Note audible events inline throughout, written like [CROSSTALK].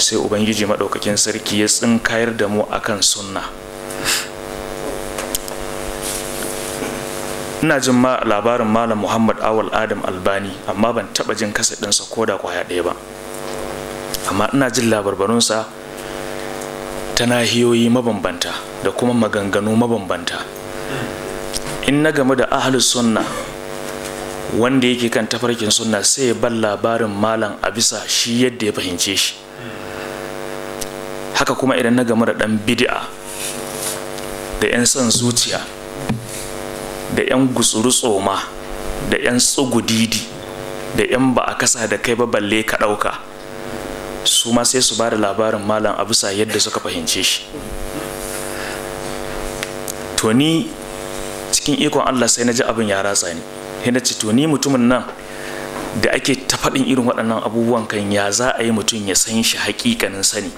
sai ubangiji maɗaukakin sarki ya tsinkayar da mu akan sunna ina jin labarin malam muhammad awal adam albani amma ban taɓa jin kasa ko da kwaya ɗaya ba amma ina jin labarbarunsa ta nahiyoyi mabambanta da kuma maganganu mabambanta in na game da ahalus sunna wanda yake kan tafarkin sunna sai ya ban labarin malam a bisa shi yadda ya fahimce shi haka kuma idan na gamu da ɗan bid'a da 'yan son zuciya da 'yan gutsuru tsoma da 'yan tsugudidi da 'yan ba a kasa da kai ba balle ka ɗauka su ma sai su ba da labarin malam a bisa yadda suka fahimce shi to ni cikin ikon allah sai na ji abin ya ratsa ni sai na ce to ni mutumin nan da ake ta faɗin irin waɗannan abubuwan kan ya za a yi mutum ya san shi haƙiƙanin sani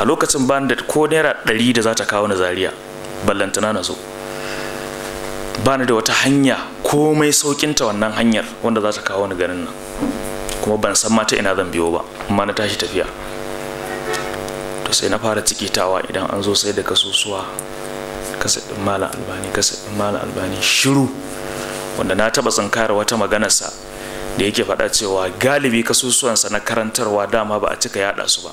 a lokacin ban da ko naira ɗari da za ta kawo na zaria ballantana na zo ba da wata hanya komai ta wannan hanyar wanda za ta kawo ni ganin nan kuma ban san mata ina zan biyo ba amma na tashi tafiya to sai na fara ciki tawa idan an zo sai da kasusuwa kasa ɗin albani kasa ɗin albani shiru wanda na taɓa tsinkara wata maganarsa da yake faɗa cewa galibi kasusuwansa na karantarwa dama ba a cika yaɗa su ba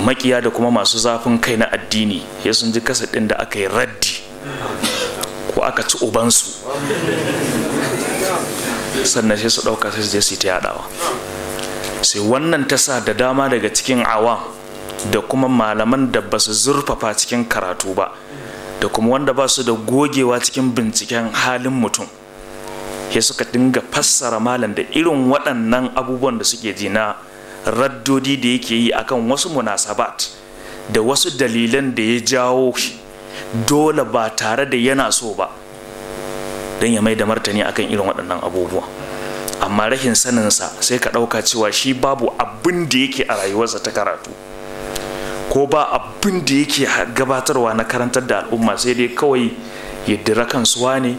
makiya da kuma masu zafin kai na addini ya sun ji kasa da aka yi raddi ko aka ci ubansu sannan sai su ɗauka sai je su ta yadawa. sai wannan ta sa da dama daga cikin awa da kuma malaman da ba su zurfafa cikin karatu ba da kuma wanda ba su da gogewa cikin binciken halin mutum ya suka dinga fassara malam da irin waɗannan abubuwan da suke jina. raddodi da yake yi akan wasu munasabat da wasu dalilan da ya jawo shi dole ba tare da yana so ba don ya mai da martani akan irin waɗannan abubuwa amma rahin saninsa sai ka ɗauka cewa shi babu abin da yake a rayuwarsa ta karatu ko ba abin da yake gabatarwa na karantar da al'umma sai dai kawai ya dira kan suwa ne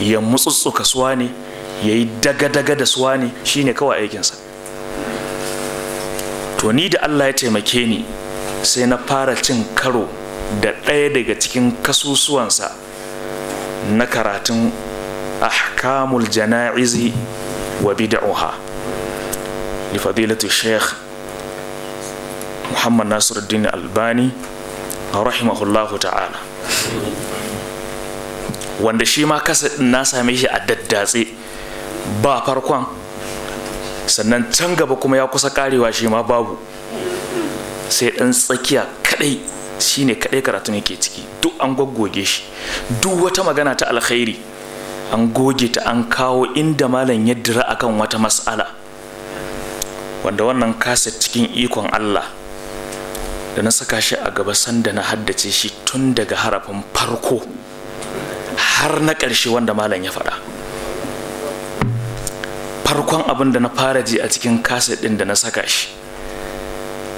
ya mutsutsuka suwa ne ya yi daga-daga da suwa ne shine kawai aikinsa to ni da allah ya taimake ni sai na fara cin karo da ɗaya daga cikin kasusuwansa na karatun ahkamul jana'izi wa bid'uha li fadilatu sheikh muhammad nasiruddin albani rahimahullahu ta'ala wanda shi ma kasa na same shi a daddatse ba farkon sannan can gaba kuma ya kusa karewa shi ma babu sai ɗan tsakiya kadai shine ne karatu ne ke ciki duk an goggoge shi duk wata magana ta alkhairi an goge ta an kawo inda malam ya dira akan wata mas'ala wanda wannan kasa cikin ikon Allah da na saka shi a gaba sanda na haddace shi tun daga harafin farko har na ƙarshe wanda malam ya faɗa. farkon abin da na fara ji a cikin kaset ɗin da na saka shi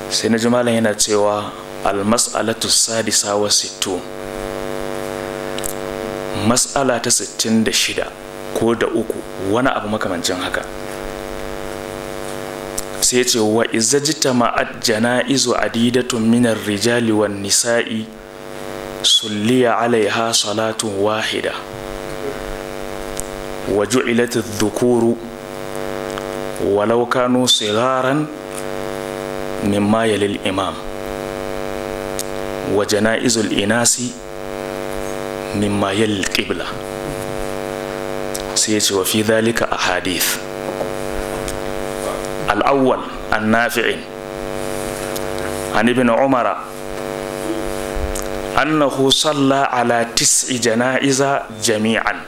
sai na ji malam yana cewa almas'alatu sadisa wa sittu mas'ala ta sittin da shida ko da uku wani abu makamancin haka sai ce wa izajita ma'ad jana'izu adidatun minar rijali wa nisa'i sulliya alaiha salatun wahida wa ju'ilatu dhukuru ولو كانوا صغارا مما يلي الإمام وجنائز الإناس مما يلي القبلة سيتي وفي ذلك أحاديث الأول النافع عن ابن عمر أنه صلى على تسع جنائز جميعا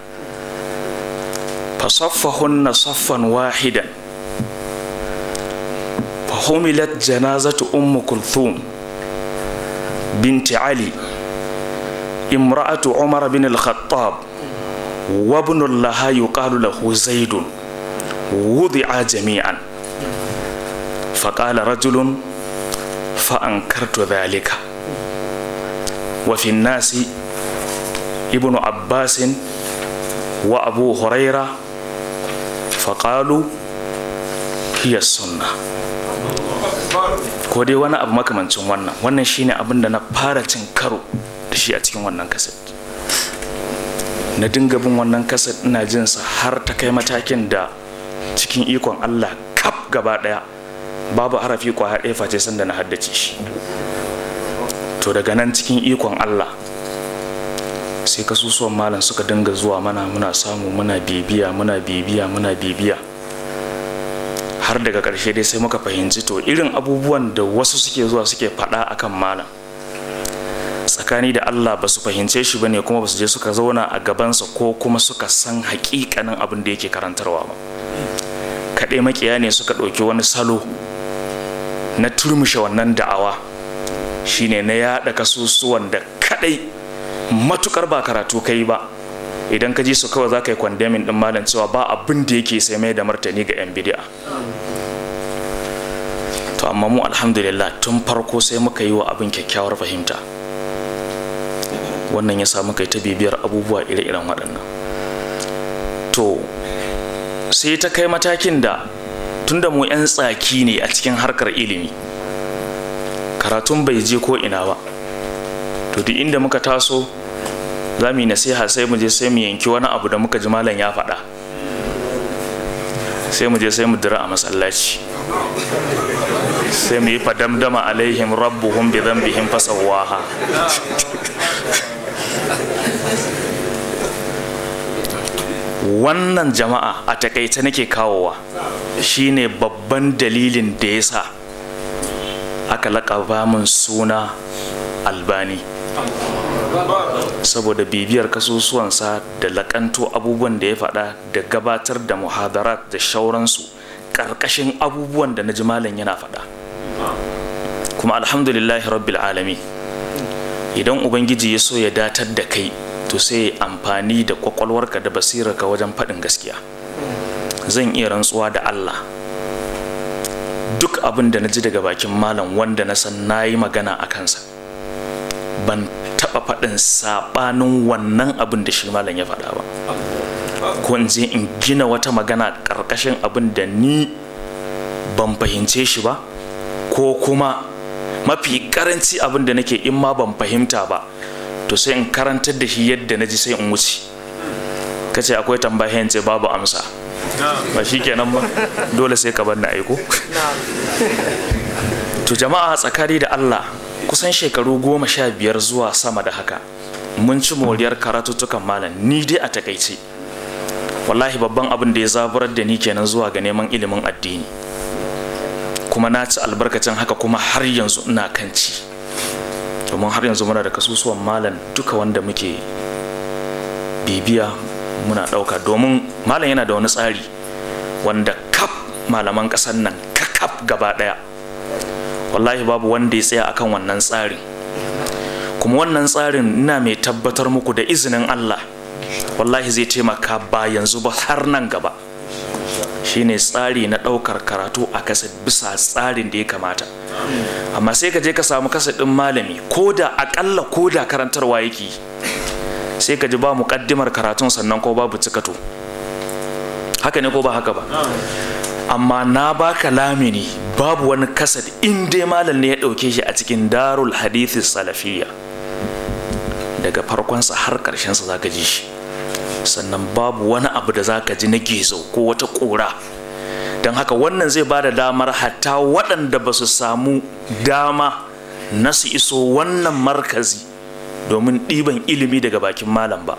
فصفهن صفا واحدا حملت جنازة أم كلثوم بنت علي امرأة عمر بن الخطاب وابن الله يقال له زيد وضع جميعا فقال رجل فأنكرت ذلك وفي الناس ابن عباس وأبو هريرة فقالوا هي السنة ko dai wani abu makamancin wannan wannan shine abin da na fara cin karo da shi a cikin wannan kasar. na dinga bin wannan kasar ina jin sa har ta kai matakin da cikin ikon Allah kaf gaba daya babu harafi kwaya ɗaya face sanda na haddace shi to daga nan cikin ikon Allah sai kasusuwan malam suka dinga zuwa mana muna samu muna bibiya muna bibiya muna bibiya har daga karshe dai sai muka fahimci to irin abubuwan da wasu suke zuwa suke faɗa akan malam tsakani da Allah ba su fahimce shi bane kuma ba su je suka zauna a gabansa ko kuma suka san hakikanin abin da yake karantarwa ba kaɗai makiya ne suka ɗauki wani salo na turmushe wannan da'awa shine na yaɗa kasusuwan da kaɗai matukar ba karatu kai ba idan ka ji su kawai za ka yi kwandemin ɗin malam cewa ba abin da yake sai mai da martani ga 'yan bidi'a amma mu alhamdulillah tun farko sai muka yi wa abin kyakkyawar fahimta wannan ya sa muka ta bibiyar abubuwa ire-iren waɗannan to sai ta kai matakin da tun da mu 'yan tsaki ne a cikin harkar ilimi karatun bai je ko ina ba to duk inda muka taso za mu yi nasiha sai mu je sai mu yanki wani abu da muka ji malam ya faɗa sai mu je sai mu dira a masallaci sai mu yi fadamdama alaihim rabbuhum bi dhanbihim fasawaha wannan jama'a a takaice nake kawowa shine babban dalilin da ya sa aka laƙaba mun suna albani saboda bibiyar kasusuwansa da laƙanto abubuwan da ya faɗa da gabatar da muhadarat da shauransu ƙarƙashin abubuwan da na ji malam yana faɗa kuma alhamdulillahi rabbil alami idan ubangiji ya so ya datar da kai to sai amfani da kwakwalwarka da basirarka wajen faɗin gaskiya zan iya rantsuwa da allah duk abin da na ji daga bakin malam wanda na san na yi magana a kansa ban taɓa faɗin saɓanin wannan abin da shi malam ya faɗa ba ko in je in gina wata magana ƙarƙashin abin da ni ban fahimce shi ba ko kuma mafi karanci abin da nake in ma ban fahimta ba to sai in karantar da shi yadda na ji sai in wuce kace akwai tambaya yance babu amsa ba shi kenan ba dole sai ka banna aiko to jama'a tsakari da Allah kusan shekaru goma sha biyar zuwa sama da haka mun ci moriyar karatuttukan malam ni dai a takaice wallahi babban abin da ya zaburar da ni kenan zuwa ga neman ilimin addini kuma na ci albarkacin haka kuma har yanzu ina kan ci domin har yanzu muna da kasusuwan malam duka wanda muke bibiya muna ɗauka domin malam yana da wani tsari wanda kaf malaman ƙasar nan kakaf gaba ɗaya wallahi babu wanda ya tsaya akan wannan tsari, kuma wannan tsarin ina mai tabbatar muku da izinin allah wallahi zai taimaka ba yanzu ba har nan gaba shine tsari na ɗaukar karatu a kaset bisa tsarin da ya kamata amma sai ka je ka samu kaset ɗin malami ko da aƙalla ko da karantarwa yake sai ka ji ba muƙaddimar karatun sannan ko babu cikato haka ne ko ba haka ba amma na ba baka lamini babu wani kasad in dai malam ne ya ɗauke shi a cikin darul hadithi salafiyya daga farkonsa har ƙarshensa za ka ji shi sannan babu wani abu da zaka ji na gizo ko wata ƙura don haka wannan zai ba da damar hatta waɗanda ba su samu dama na su iso wannan markazi domin ɗiban ilimi daga bakin malam ba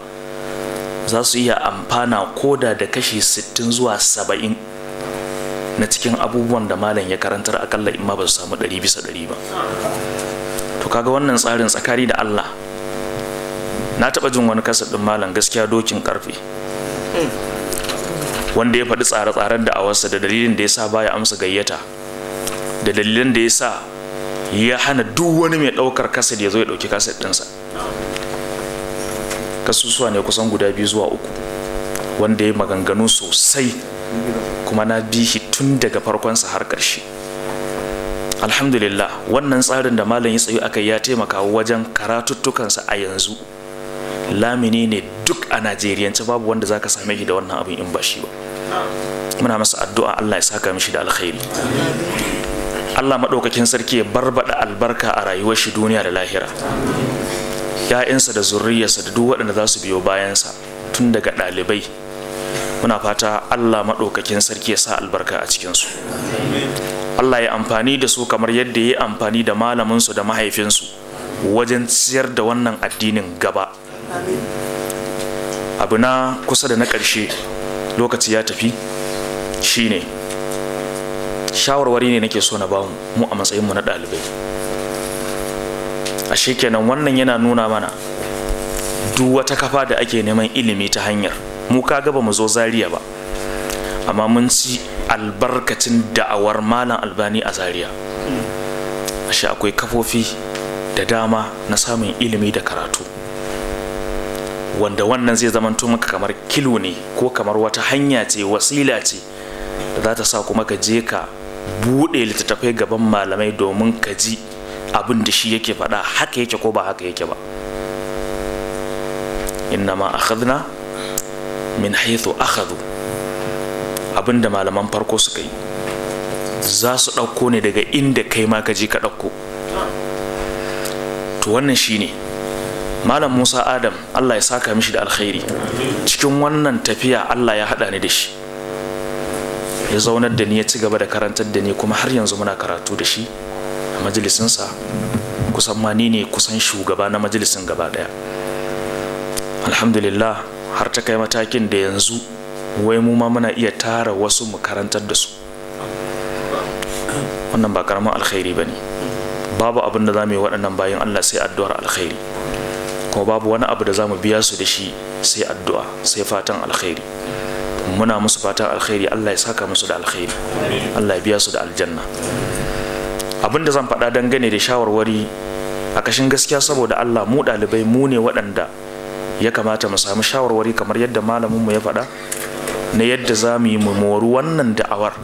za su iya amfana koda da kashi 60 zuwa 70 na cikin abubuwan da malam ya karantar akalla imma ma ba su samu 100 bisa 100 ba to kaga wannan tsarin tsakari da Allah na taɓa jin wani kasa ɗin malam gaskiya dokin karfe wanda ya faɗi tsare-tsaren da awarsa da dalilin da ya sa baya amsa gayyata da dalilin da ya sa ya hana duk wani mai ɗaukar kaset ya zo ya ɗauki kaset ɗinsa kasusuwa ne kusan guda biyu zuwa uku wanda ya maganganu sosai kuma na bi tun daga farkonsa har ƙarshe alhamdulillah wannan tsarin da malam ya tsayu akai ya taimaka wajen karatuttukansa a yanzu lamini ne duk a najeriyance babu wanda za ka same shi da wannan abin in ba shi ba muna masa addu'a Allah ya saka mishi da alkhairi Allah maɗaukakin sarki ya barbada albarka a rayuwar shi duniya da lahira ‘ya'yansa da zurriyarsa da duk waɗanda za su biyo bayansa tun daga ɗalibai muna fata Allah maɗaukakin sarki ya sa albarka a cikinsu Allah ya amfani da su kamar yadda ya yi amfani da malaminsu da mahaifinsu wajen ciyar da wannan addinin gaba abu na kusa da na ƙarshe lokaci ya tafi shine shawarwari ne nake so na ba mu a matsayinmu na ɗalibai a kenan wannan yana nuna mana duk wata kafa da ake neman ilimi ta hanyar mu ka gaba mu zo Zariya ba amma mun ci albarkacin da'awar malam albani a Zariya. ashe akwai kafofi da dama na samun ilimi da karatu wanda wannan zai zamanto maka kamar kilo ne ko kamar wata hanya ce wasila ce da za ta sa kuma ka je ka buɗe littattafai gaban malamai domin ka ji abin da shi yake faɗa haka yake ko ba haka yake ba ma akhadna min haythu akhadhu abin da malaman farko suka yi za su ɗauko ne daga inda kai ma ka je ka ɗauko to wannan shine malam musa adam allah ya saka mishi da alkhairi cikin wannan tafiya allah ya haɗa ni da shi ya zaunar da ni ya ci gaba da karantar da ni kuma har yanzu muna karatu da shi a majalisinsa kusan ma ni ne kusan shugaba na majalisin gaba ɗaya alhamdulillah har ta kai matakin da yanzu wai mu ma muna iya tara wasu mu karantar da su wannan ba karamin alkhairi ba ne babu abin da za mu yi waɗannan bayan allah sai addu'ar alkhairi kuma babu wani abu da za mu biya su da shi sai addu'a sai fatan alkhairi muna musu fatan alkhairi allah ya saka musu da alkhairi allah ya biya su da aljanna abin da zan faɗa dangane da shawarwari a kashin gaskiya saboda allah mu ɗalibai mu ne waɗanda ya kamata mu samu shawarwari kamar yadda mu ya faɗa na yadda za mu yi mu wannan da'awar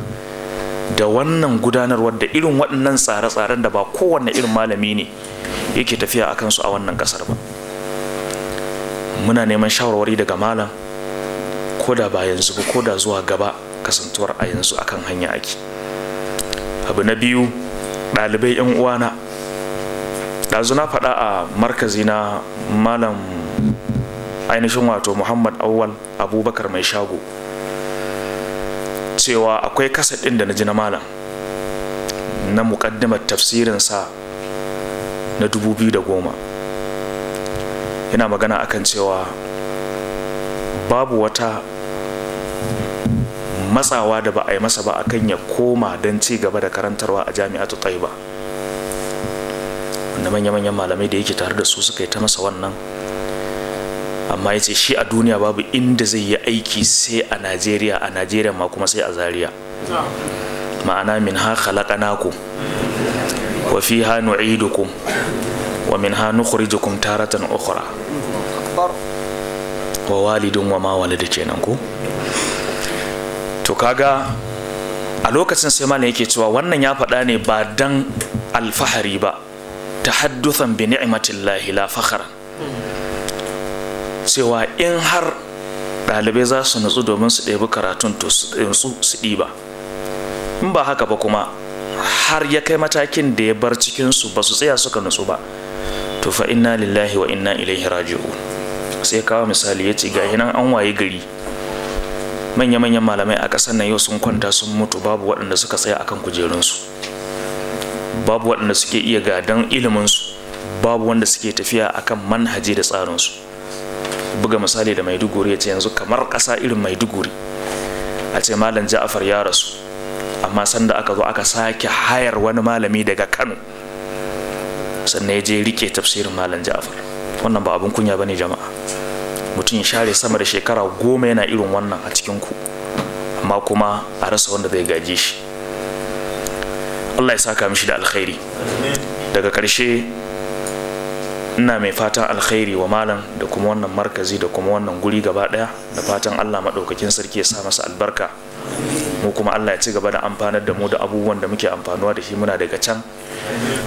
da wannan gudanarwar da irin waɗannan tsare-tsaren da ba kowanne irin malami ne yake tafiya a kansu a wannan ƙasar ba muna neman shawarwari daga malam ko da ba yanzu ba ko da zuwa gaba kasantuwar a yanzu akan hanya ake abu na biyu ɗalibai 'yan uwana ɗazu na faɗa a markazi na malam ainihin wato muhammad awwal abubakar mai shago cewa akwai kasa ɗin da na ji na malam na muƙaddimar tafsirinsa na 2010 yana magana akan cewa babu wata matsawa da ba a yi masa ba akan ya koma don ci gaba da karantarwa a jami'atu taiba wanda manya-manyan malamai da yake tare da su suka yi ta masa wannan amma ya ce shi a duniya babu inda zai yi aiki sai a najeriya a najeriya ma kuma sai a Zariya. ma'ana min ha khalaqanakum wa fi nu'idu nu'idukum wa minha nukhrijukum taratan ukhra wa walidun wa ma walida kenan ku to kaga a lokacin sai malam yake cewa wannan ya faɗa ne ba dan alfahari ba tahadduthan bi ni'matillahi la fakhara cewa in har ɗalibai za su nutsu domin su ɗebi karatun to su eh, ba? in ba haka ba kuma har ya kai matakin da ya bar cikinsu ba su tsaya suka nutsu ba to fa inna lillahi wa inna ilaihi raji'u sai kawo misali ya ce gahi nan an waye gari manya-manyan malamai a ƙasar nan yau sun kwanta sun mutu babu waɗanda suka tsaya akan kujerunsu babu waɗanda suke iya gadon iliminsu babu wanda suke tafiya akan manhaji da tsarinsu buga misali da maiduguri ya ce yanzu kamar ƙasa irin maiduguri a ce malam ja'afar ya rasu amma sanda aka zo aka sake hayar wani malami daga kano sannan ya je rike tafsirin malam ja'far wannan ba abin kunya ba ne jama'a mutum ya share sama da shekara goma yana irin wannan a cikin ku amma kuma a rasa wanda zai gaje shi Allah ya saka mishi da alkhairi daga karshe ina mai fatan alkhairi wa malam da kuma wannan markazi da kuma wannan guri gaba ɗaya da fatan Allah maɗaukakin sarki ya sa masa albarka mu kuma Allah ya ci gaba da amfanar da mu da abubuwan da muke amfanuwa da shi muna daga can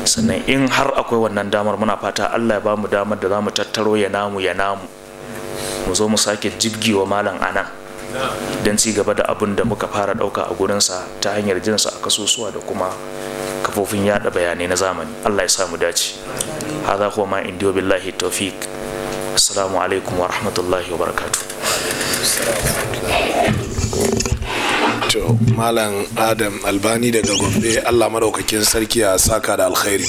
sannan in har akwai wannan damar muna fata Allah ya ba mu damar da za mu tattaro ya namu ya namu mu zo mu sake jibgewa malam anan don ci gaba da abin da muka fara ɗauka a gurinsa ta hanyar jinsa a kasusuwa da kuma kafofin yada bayanai na zamani Allah ya sa mu dace hadha huwa ma indiyo billahi tawfiq assalamu alaikum wa rahmatullahi wa barakatuh to malam adam albani daga gombe allah maɗaukakin sarki a saka da alkhairi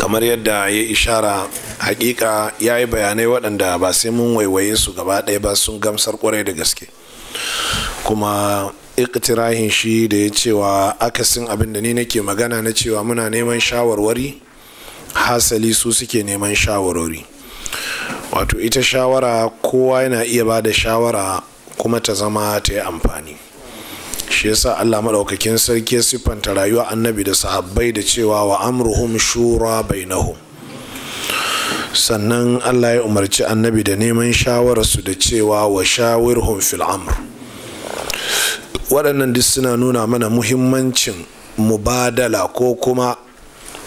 kamar yadda ya ishara hakika ya yi bayanai waɗanda ba sai mun waiwaye su gaba ɗaya ba sun gamsar kwarai da gaske kuma iktirahin shi da ya cewa akasin abin da ni nake magana na cewa muna neman shawarwari hasali su suke neman shawarwari wato ita shawara kowa yana iya ba da shawara kuma ta zama ta yi amfani shi yasa Allah madaukakin sarki siffanta rayuwa annabi da sahabbai da cewa wa amruhum shura bainahum sannan Allah ya umarci annabi da neman shawararsu da cewa wa shawirhum fil amr waɗannan duk suna nuna mana muhimmancin mubadala ko kuma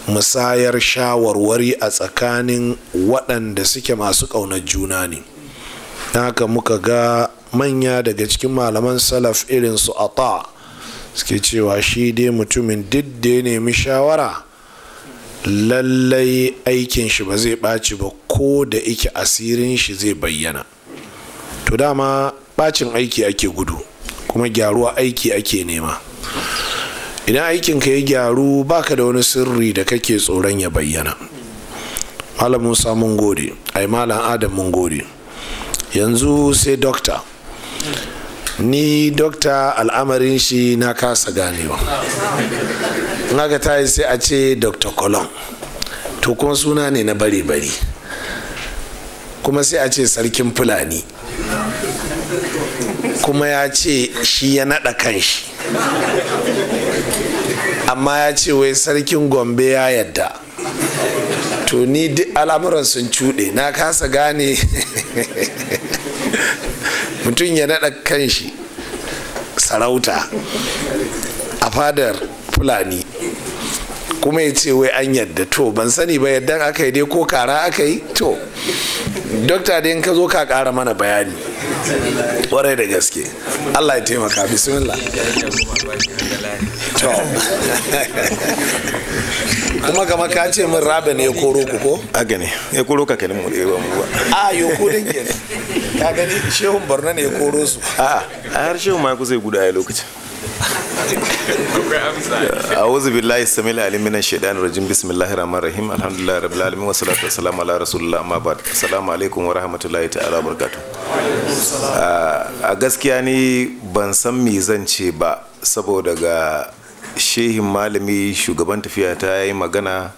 musayar shawarwari a tsakanin waɗanda suke masu ƙaunar juna ne haka muka ga manya daga cikin malaman salaf irin su ata suke cewa shi dai mutumin duk da ya shawara lallai aikin shi ba zai ɓaci ba ko da ike asirin shi zai bayyana to dama ɓacin aiki ake gudu kuma gyaruwa aiki ake nema idan aikinka ya gyaru baka da wani sirri da kake tsoron ya bayyana malam musa mun gode ai malam adam mun gode yanzu sai dokta ni dokta al'amarin shi na kasa ganewa naga ta sai a ce dr colon to kuma suna ne na bare-bare kuma sai a ce sarkin fulani kuma ya ce shi ya naɗa kanshi amma ya ce wai sarkin gombe ya yadda to ni duk al'amuran sun cuɗe na kasa gane [LAUGHS] mutum ya naɗa shi sarauta a fadar fulani kuma ya ce wai an yadda to ban sani ba yadda aka yi dai ko kara aka yi to dokta dai ka zo ka kara mana bayani warai da gaske allah ya taimaka bismillah [LAUGHS] kuma kama ka ce min rabe ne ya koro ku ko? a gani ya koro ka kenan mu ba mu ba a yo ko din ka gani shehun borno ne ya koro su a a har shehu ma kusa ya guda ya lokaci. a wuzu billahi samila alimina shaidan rajim bismillahi rahman rahim alhamdulillah rabbil alamin wa salatu wa salam ala rasulullah amma ba assalamu alaikum wa rahmatullahi ta'ala barakatu a gaskiya ni ban san me zan ce ba saboda ga shehin malami shugaban tafiya ta yi magana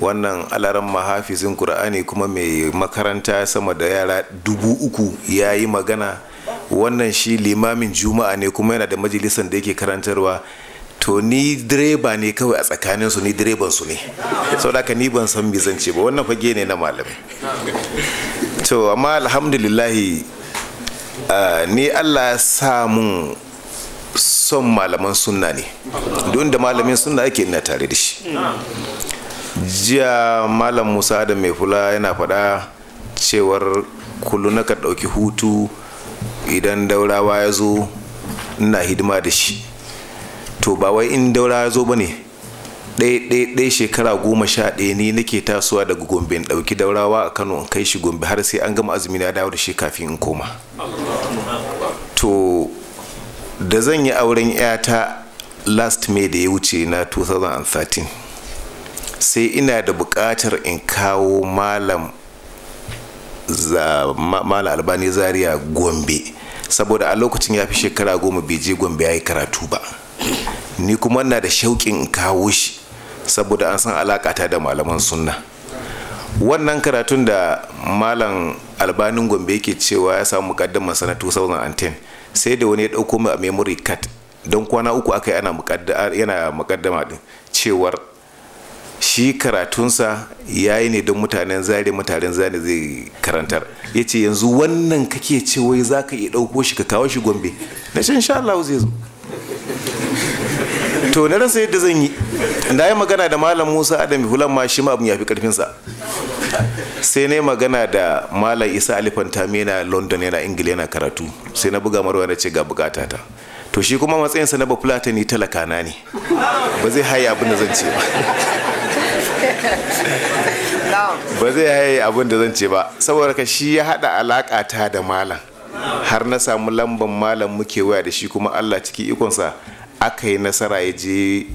wannan alaran mahafizin kur'ani kuma mai makaranta sama da yara dubu uku ya yi magana wannan shi limamin juma'a ne kuma yana da majalisar da yake karantarwa to ni direba ne kawai a tsakanin su ni direban su ne saboda ni ban san me zan ba wannan fage ne na malami to amma alhamdulillahi ah, ni Allah ya sa mun son malaman sunna ne don da malamin sunna ake ina tare da shi jiya malam musa da mai fula yana faɗa cewar kullu na ka ɗauki hutu idan daurawa ya zo ina hidima da shi to ba wai in daurawa ya zo ba ne ɗaya shekara goma sha ɗaya ne nake tasowa daga gombe in ɗauki daurawa a kano in kai shi gombe har sai an gama azumi na dawo da shi kafin in koma da zan yi auren 'yata last may da ya wuce na 2013 sai ina da buƙatar in kawo malam mala albani zaria gombe saboda a lokacin ya fi shekara goma bai je gombe ya yi karatu ba ni kuma na da shauƙin in kawo shi saboda an san alakata da malaman sunna wannan karatun da malam albanin gombe yake cewa ya samu kaddamar sana 2010 sai da wani ya ɗauko mu a memory card don kwana uku aka yi ana yana mukaddama din cewar shi karatunsa ya yi ne don mutanen zare mutanen zane zai karantar ya ce yanzu wannan kake ce wai za ka iya ɗauko shi ka kawo shi gombe na shan sha Allah zai zo to na rasa yadda zan yi da ya magana da malam musa adam hulan ma shi ma abin ya fi karfinsa sai na yi magana da malam isa alifantami yana london yana ingila yana karatu sai na buga marwa na ce ga bukata ta to shi kuma matsayinsa na bafulata ni talakana ne ba zai haya abin da zan ce ba ba zai haya abin da zan ce ba saboda ka shi ya haɗa alaka ta da malam har na samu lamban malam muke waya da shi kuma allah ciki ikonsa aka yi nasara ya je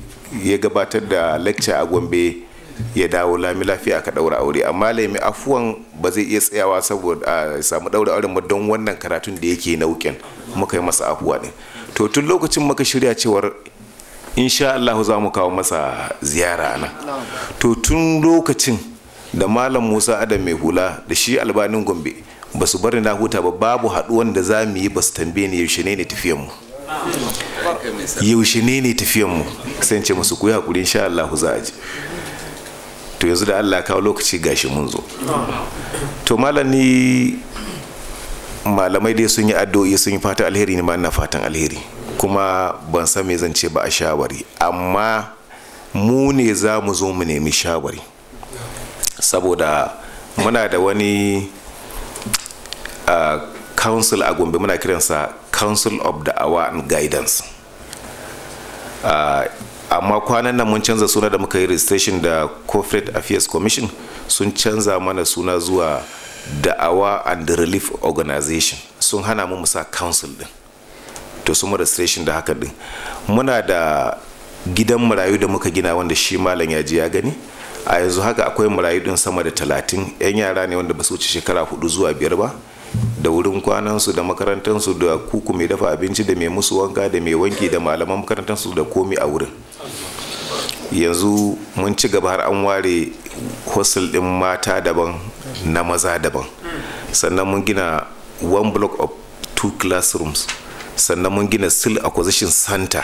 ya gabatar da lecture a gombe ya dawo lami lafiya aka daura aure amma laimi afuwan ba zai iya tsayawa saboda a samu daura aure ma don wannan karatun da yake na wuken muka yi masa afuwa ne to tun lokacin muka shirya cewar insha Allah za mu kawo masa ziyara nan to tun lokacin da malam Musa Adam mai hula da shi albanin Gombe ba su bari na huta ba babu haɗuwan da za mu yi ba su tambaye ni yaushe ne ne tafiyan mu yaushe ne ne tafiyan mu sai ce masu kuya kuri hakuri insha Allah za a ji to yanzu da Allah kawo lokaci gashi mun zo to malami malamai dai sun yi addu'o'i sun yi fatan alheri ne ma ina fatan alheri kuma ban san me zan ce ba a shawari amma mu ne za mu zo mu nemi shawari saboda muna da wani uh, council a gombe muna kiransa council of the hour and guidance ah, amma kwanan nan mun canza suna da muka yi registration da corporate affairs commission sun canza mana suna zuwa da'awa and relief organization sun hana mu musa council din to sun registration da haka din muna da gidan marayu da muka gina wanda shi malam ya ji ya gani a yanzu haka akwai marayu din sama da talatin yan yara ne wanda basu wuce shekara hudu zuwa biyar ba da wurin kwanansu da makarantansu da kuku mai dafa abinci da mai musu wanka da mai wanki da malaman makarantansu da komi a wurin yanzu mun ci gaba har an ware hostel din mata daban na maza daban sannan mun gina one block of two classrooms sannan mun gina sil acquisition center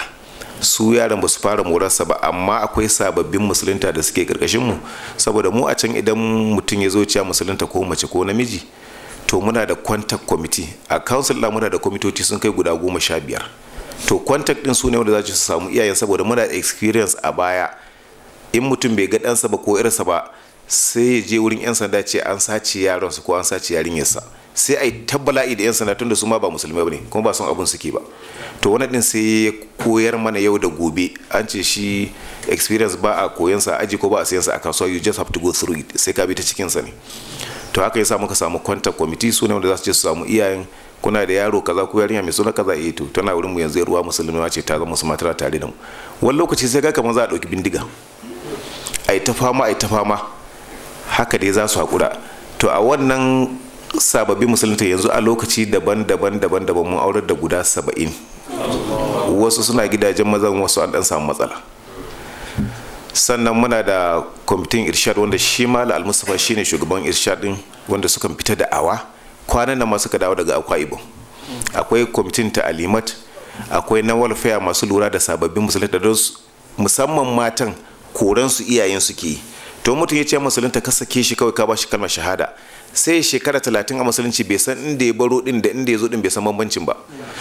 su yaran ba su fara morarsa ba amma akwai sababbin musulunta da suke karkashin mu saboda mu a can idan mutum ya zo ciya musulunta ko mace ko namiji to muna da contact committee a council la muna da kwamitoci sun kai guda goma sha biyar to contact din su ne wanda za su samu iyayen saboda muna da experience a baya in mutum bai ga ɗansa ba ko irinsa ba sai ya je wurin 'yan sanda ce an sace yaransu ko an sace yarin yarinyarsa sai a yi tabbala'i da 'yan sanda tun da su ma ba musulmai ne kuma ba son abun suke ba to wani din sai ya koyar mana yau da gobe an ce shi experience ba a koyansa aji ko ba a sayansa a kasuwa you just have to go through it sai ka bi ta cikinsa ne to haka yasa muka samu contact kwamiti su ne wanda za su ce su samu iyayen kuna da yaro kaza ko yarinya mai suna kaza eh to tana wurin mu yanzu ruwa musulmi ce ta zama su matara tare da mu wani lokaci sai ga kamar za a dauki bindiga ai ta fama ai ta fama haka dai za su haƙura to a wannan sababbin musulunta yanzu a lokaci daban-daban daban-daban mun aurar da guda saba'in wasu suna gidajen mazan wasu an ɗan samu matsala sannan muna da kwamitin irshad wanda shi mala shi ne shugaban irshad din wanda suka fita da awa kwanan nan ma suka dawo daga akwa ibo akwai kwamitin ta alimat akwai na walfaya masu lura da sababbin musulunta da musamman matan koran su iyayen suke yi to mutum ya ce musulunta ka sake shi kawai ka bashi kalmar shahada sai shekara talatin a musulunci bai san inda ya baro din da inda ya zo din bai san bambancin ba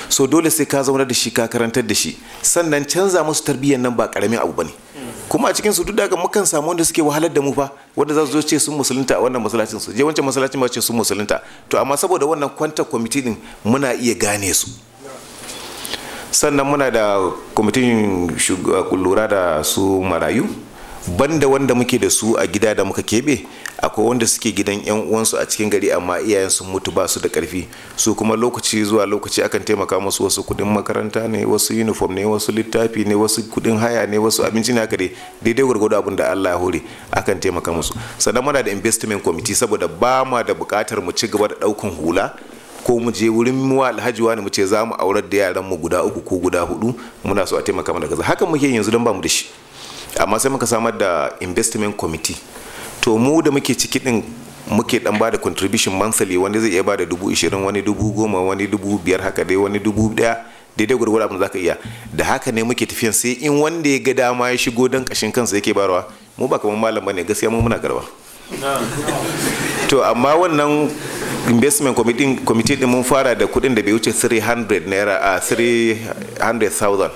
so dole sai ka zaunar da shi ka karantar da shi sannan canza musu tarbiyyar nan ba karamin abu ba ne kuma a cikin su duk daga mukan samu wanda suke wahalar da mu fa wanda za su zo ce sun musulunta a wannan masallacin su je wancan masallacin ba ce sun musulunta to amma saboda wannan kwanta kwamiti din muna iya gane su sannan muna da kwamitin lura da su marayu banda wanda muke da su a gida da muka keɓe akwai wanda suke gidan yan uwansu a cikin gari amma iyayen sun mutu ba su da karfi su kuma lokaci zuwa lokaci akan taimaka musu wasu kudin makaranta ne wasu uniform ne wasu littafi ne wasu kudin haya ne wasu abinci ne haka dai daidai gwargwado abin da Allah ya hore akan taimaka musu sannan muna da investment committee saboda ba ma da bukatar mu ci gaba da daukan hula ko mu je wurin mu alhaji wani mu ce za mu aurar da yaran mu guda uku ko guda hudu muna so a taimaka mana kaza hakan muke yanzu don ba mu da shi amma sai muka samar da investment committee to mu da muke ciki din muke dan bada contribution monthly wani zai iya bada dubu ishirin wani dubu goma wani dubu biyar haka dai wani dubu daya daidai gwargwado abin da zaka iya da haka ne muke tafiyan sai in wanda ya ga dama ya shigo dan kashin kansa yake barawa mu ba kamar malam bane gaskiya mu muna garwa. to amma wannan investment committee din mun fara da kudin da bai wuce 300 naira a ah, 300,000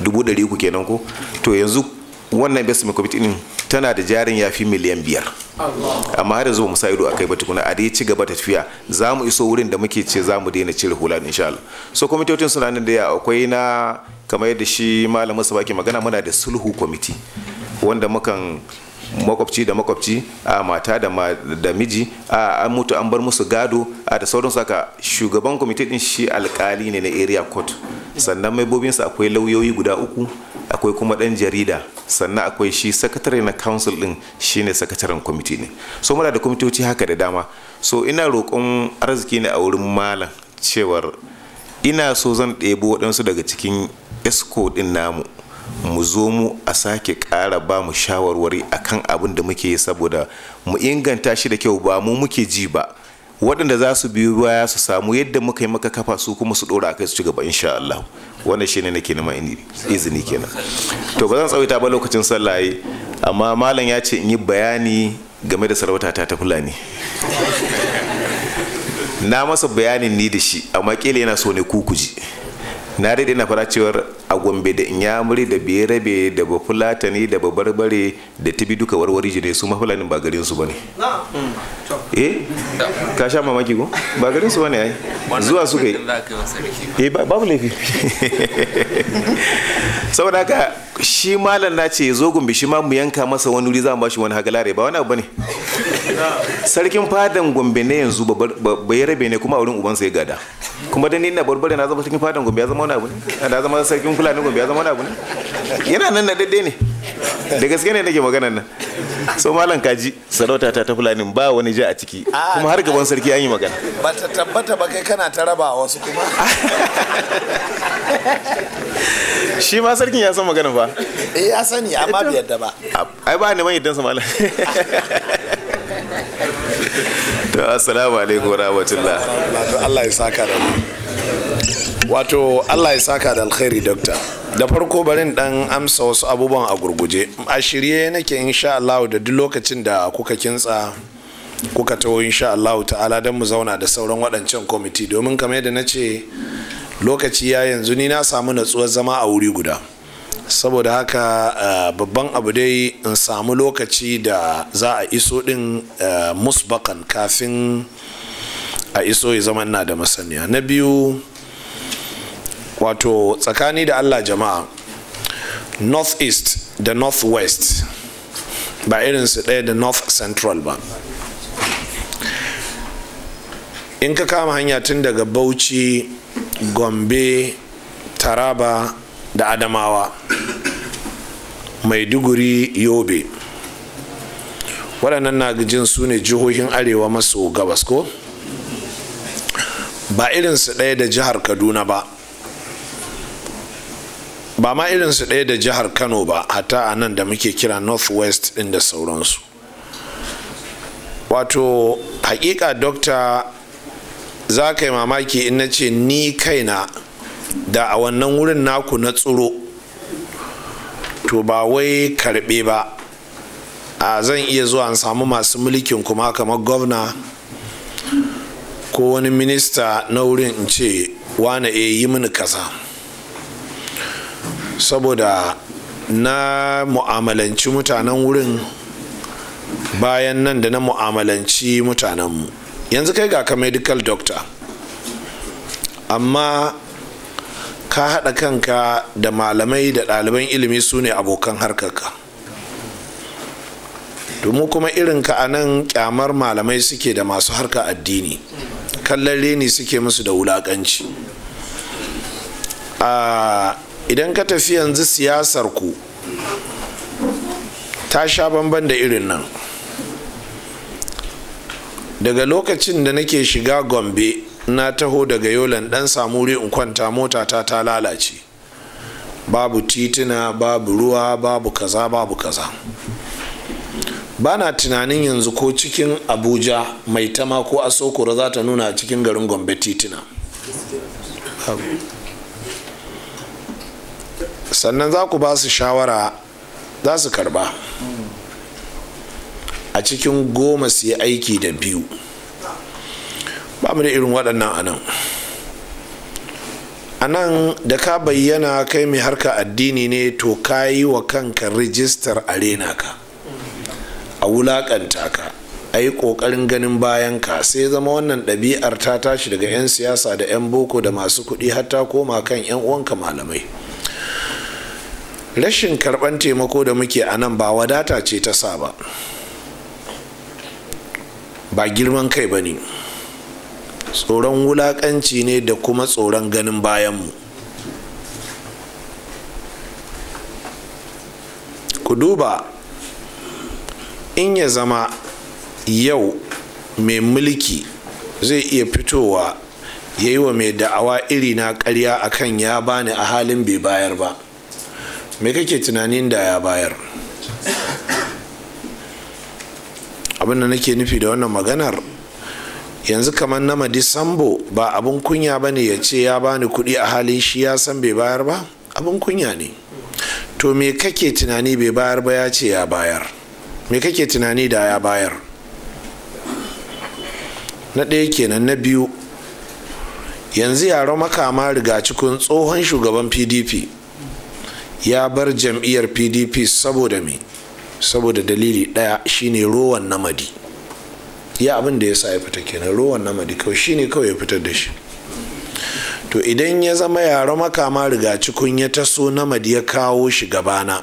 dubu dari uku kenan ko to yanzu wannan investment committee din tana da jarin ya fi miliyan biyar amma har yanzu mu sa ido akai ba tukuna a dai ci gaba tafiya za mu iso wurin da muke ce za mu daina cire hula insha Allah so kwamitocin suna nan da ya akwai na kamar yadda shi malamin su baki magana muna da sulhu kwamiti wanda mukan makwabci da makwabci a mata da miji a an mutu an bar musu gado a da sauran saka shugaban kwamiti din shi alkali ne na area court sannan mai bobinsa akwai lauyoyi guda uku akwai kuma ɗan jarida sannan akwai shi sakatare na council ɗin shine sakataren kwamiti ne so muna da kwamitoci haka da dama so ina roƙon arziki ne a wurin malam cewar ina so zan ɗebo waɗansu daga cikin esco ɗin namu mu zo mu a sake ƙara ba mu shawarwari akan abin da muke yi saboda mu inganta shi da kyau ba mu muke ji ba waɗanda za su biyu baya su samu yadda muka yi maka kafa su kuma su ɗora kai su ci gaba insha Allah wannan shine nake nema izini kenan to ba zan tsawaita ba lokacin sallah amma malam ya ce in yi bayani game da sarauta ta ta fulani na masa bayanin ni da shi amma kila yana so ne kukuji na daidai na fara cewar a gombe da inyamuri da berabe da bafulatani da babarbare da tibi duka warwari ne su mafulanin ba garin su ba ne eh ka sha mamaki ko ba garin su eh, ba ne zuwa suka yi eh babu laifi saboda haka shi malam na ce zo gombe shi ma mu yanka masa wani wuri za mu bashi wani hagalare ba wani abu bane sarkin fadan gombe ne yanzu ba rabe ne kuma a wurin ubansa ya gada kuma da ni na barbare na zama sarkin fadan gombe ya zama wani abu ne na zama sarkin fulani gombe ya zama wani abu ne yana nan na daidai ne da gaske ne nake maganar nan so malam kaji sarauta ta ta fulani ba wani ja a ciki ah, kuma har gaban sarki an yi magana ba ta tabbata ba kai kana ta raba wasu kuma [LAUGHS] shi ma sarkin ya san magana fa eh ya sani amma bai yadda ba ai ba neman yaddan sa malam [LAUGHS] to assalamu alaikum wa rahmatullah Allah ya saka da mu wato allah ya saka da alkhairi dokta da farko barin dan amsa wasu abubuwan a gurguje a shirye nake insha Allah da duk lokacin da kuka kintsa kuka taho insha Allah ta'ala don mu zauna da sauran waɗancan kwamiti domin kamar yadda na ce lokaci ya yanzu ni na samu natsuwar zama a wuri guda saboda haka eh, babban abu dai in samu lokaci da za a iso din eh, musbakan kafin a iso ya zama ina da masaniya na biyu wato tsakani da allah jama'a north east da north west ba irinsu ɗaya da north central ba in ka kama hanya tun daga bauchi gombe taraba da adamawa maiduguri yobe waɗannan na jin su ne jihohin arewa maso gabas ko ba irinsu ɗaya da jihar kaduna ba ba ma irinsu ɗaya da jihar kano ba hata a nan da muke kira northwest ɗin da sauransu wato hakika dokta za ka yi mamaki in na ce ni kaina da a wannan wurin naku na tsoro to ba wai karɓe ba a zan iya zuwa samu masu mulkin kuma kamar gwamna ko wani minista na wurin in ce wane e yi mini kasa saboda na mu'amalanci mutanen wurin bayan nan da na mu'amalanci mutanenmu yanzu kai ga ka medical doctor amma ka haɗa kanka da malamai da ɗaliban ilimi su ne abokan harkarka domin kuma irinka a nan kyamar malamai suke da masu harka addini kallon reni suke musu da wulaƙanci ah, idan ka tafi yanzu siyasar ku ta sha bamban da irin nan daga lokacin da nake shiga gombe na taho daga yolan dan samu in kwanta mota ta ta lalace babu tituna babu ruwa babu kaza babu kaza ba na tunanin yanzu ko cikin abuja mai tama ko asokoro za ta nuna cikin garin gombe tituna sannan za ku ba su shawara za su karba a cikin goma su yi aiki da biyu ba mu da irin waɗannan anan anan da ka bayyana kai mai harka addini ne to ka yi wa kanka rijistar arena ka a wulaƙanta ka a yi ƙoƙarin ganin bayan ka sai zama wannan ɗabi'ar ta tashi daga 'yan siyasa da 'yan boko da masu kuɗi hatta koma kan 'yan uwanka malamai rashin karban taimako da muke a nan ba wadata ce ta sa ba ba girman kai ba ne tsoron wulakanci ne da kuma tsoron ganin bayanmu ku duba in ya zama yau mai mulki zai iya fitowa ya yi wa mai da'awa iri na karya akan ya bani a halin bai bayar ba me kake tunanin da ya bayar abin da nake nufi da wannan maganar yanzu kamar nama disambo ba abin kunya ba ne ya ce ya bani kuɗi a halin shi ya san bai bayar ba abin kunya ne to me kake tunani bai bayar ba ya ce ya bayar me kake tunani da ya bayar na ɗaya kenan na biyu yanzu yaro makama rigacikun tsohon shugaban pdp ya bar jam'iyyar pdp saboda me saboda dalili ɗaya shine rowan namadi ya abin da ya sa ya fita kenan rowan namadi kawai shine kawai ya fitar da shi to idan ya zama yara makama riga cikun ya taso namadi ya kawo shi gabana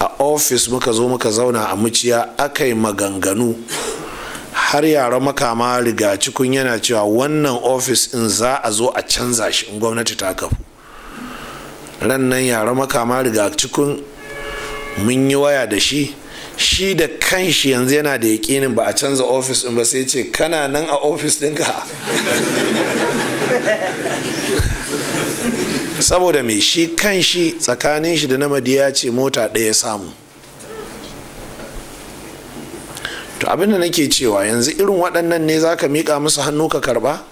a ofis muka zo muka zauna a muciya aka yi maganganu har yara makama riga cikun yana cewa wannan ofis in za a zo a canza shi in gwamnati ta kafu ran nan yara makama riga cikin mun yi waya da shi shi da kanshi yanzu yana da yakinin ba a canza ofis din ba sai ce kana nan a ofis ɗinka [LAUGHS] saboda me shi kanshi tsakanin shi da na madiya ce mota ɗaya samu to abinda nake cewa yanzu irin waɗannan ne za ka miƙa musu hannu ka karɓa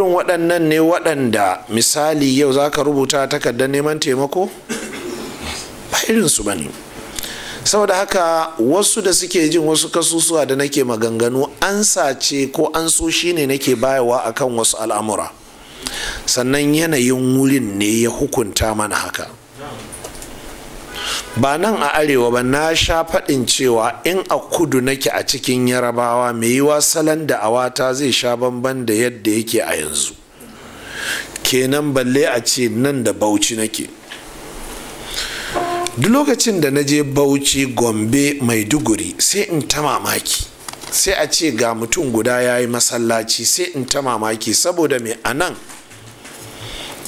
irin waɗannan ne waɗanda misali yau za ka rubuta takardar neman taimako ba irinsu ba ne saboda haka wasu da suke jin wasu kasusuwa da nake maganganu an sace ko an so ne nake bayawa akan wasu al'amura sannan yanayin wurin ne ya hukunta mana haka ba nan a arewa ba na sha faɗin cewa in a kudu nake a cikin yarabawa mai yiwa salon da awata zai sha bamban da yadda yake a yanzu kenan balle a ce nan da bauchi nake duk lokacin da na je bauchi gombe maiduguri sai in ta mamaki sai a ce ga mutum guda ya yi masallaci sai in ta mamaki saboda mai anan nan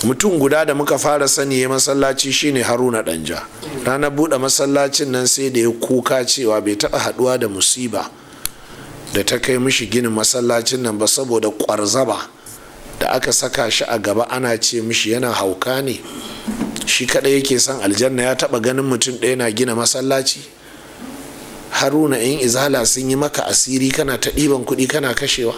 mutum guda da muka fara sani ya masallaci shine haruna danja ranar buɗe masallacin nan sai da ya kuka cewa bai taɓa haɗuwa da musiba da ta kai mishi ginin masallacin nan ba saboda ƙwarzaba da aka saka shi a gaba ana ce mishi yana hauka ne shi kaɗai yake son aljanna ya taɓa ganin mutum ɗaya na gina masallaci haruna in izala sun yi maka asiri kana ta ɗiban kuɗi kana kashewa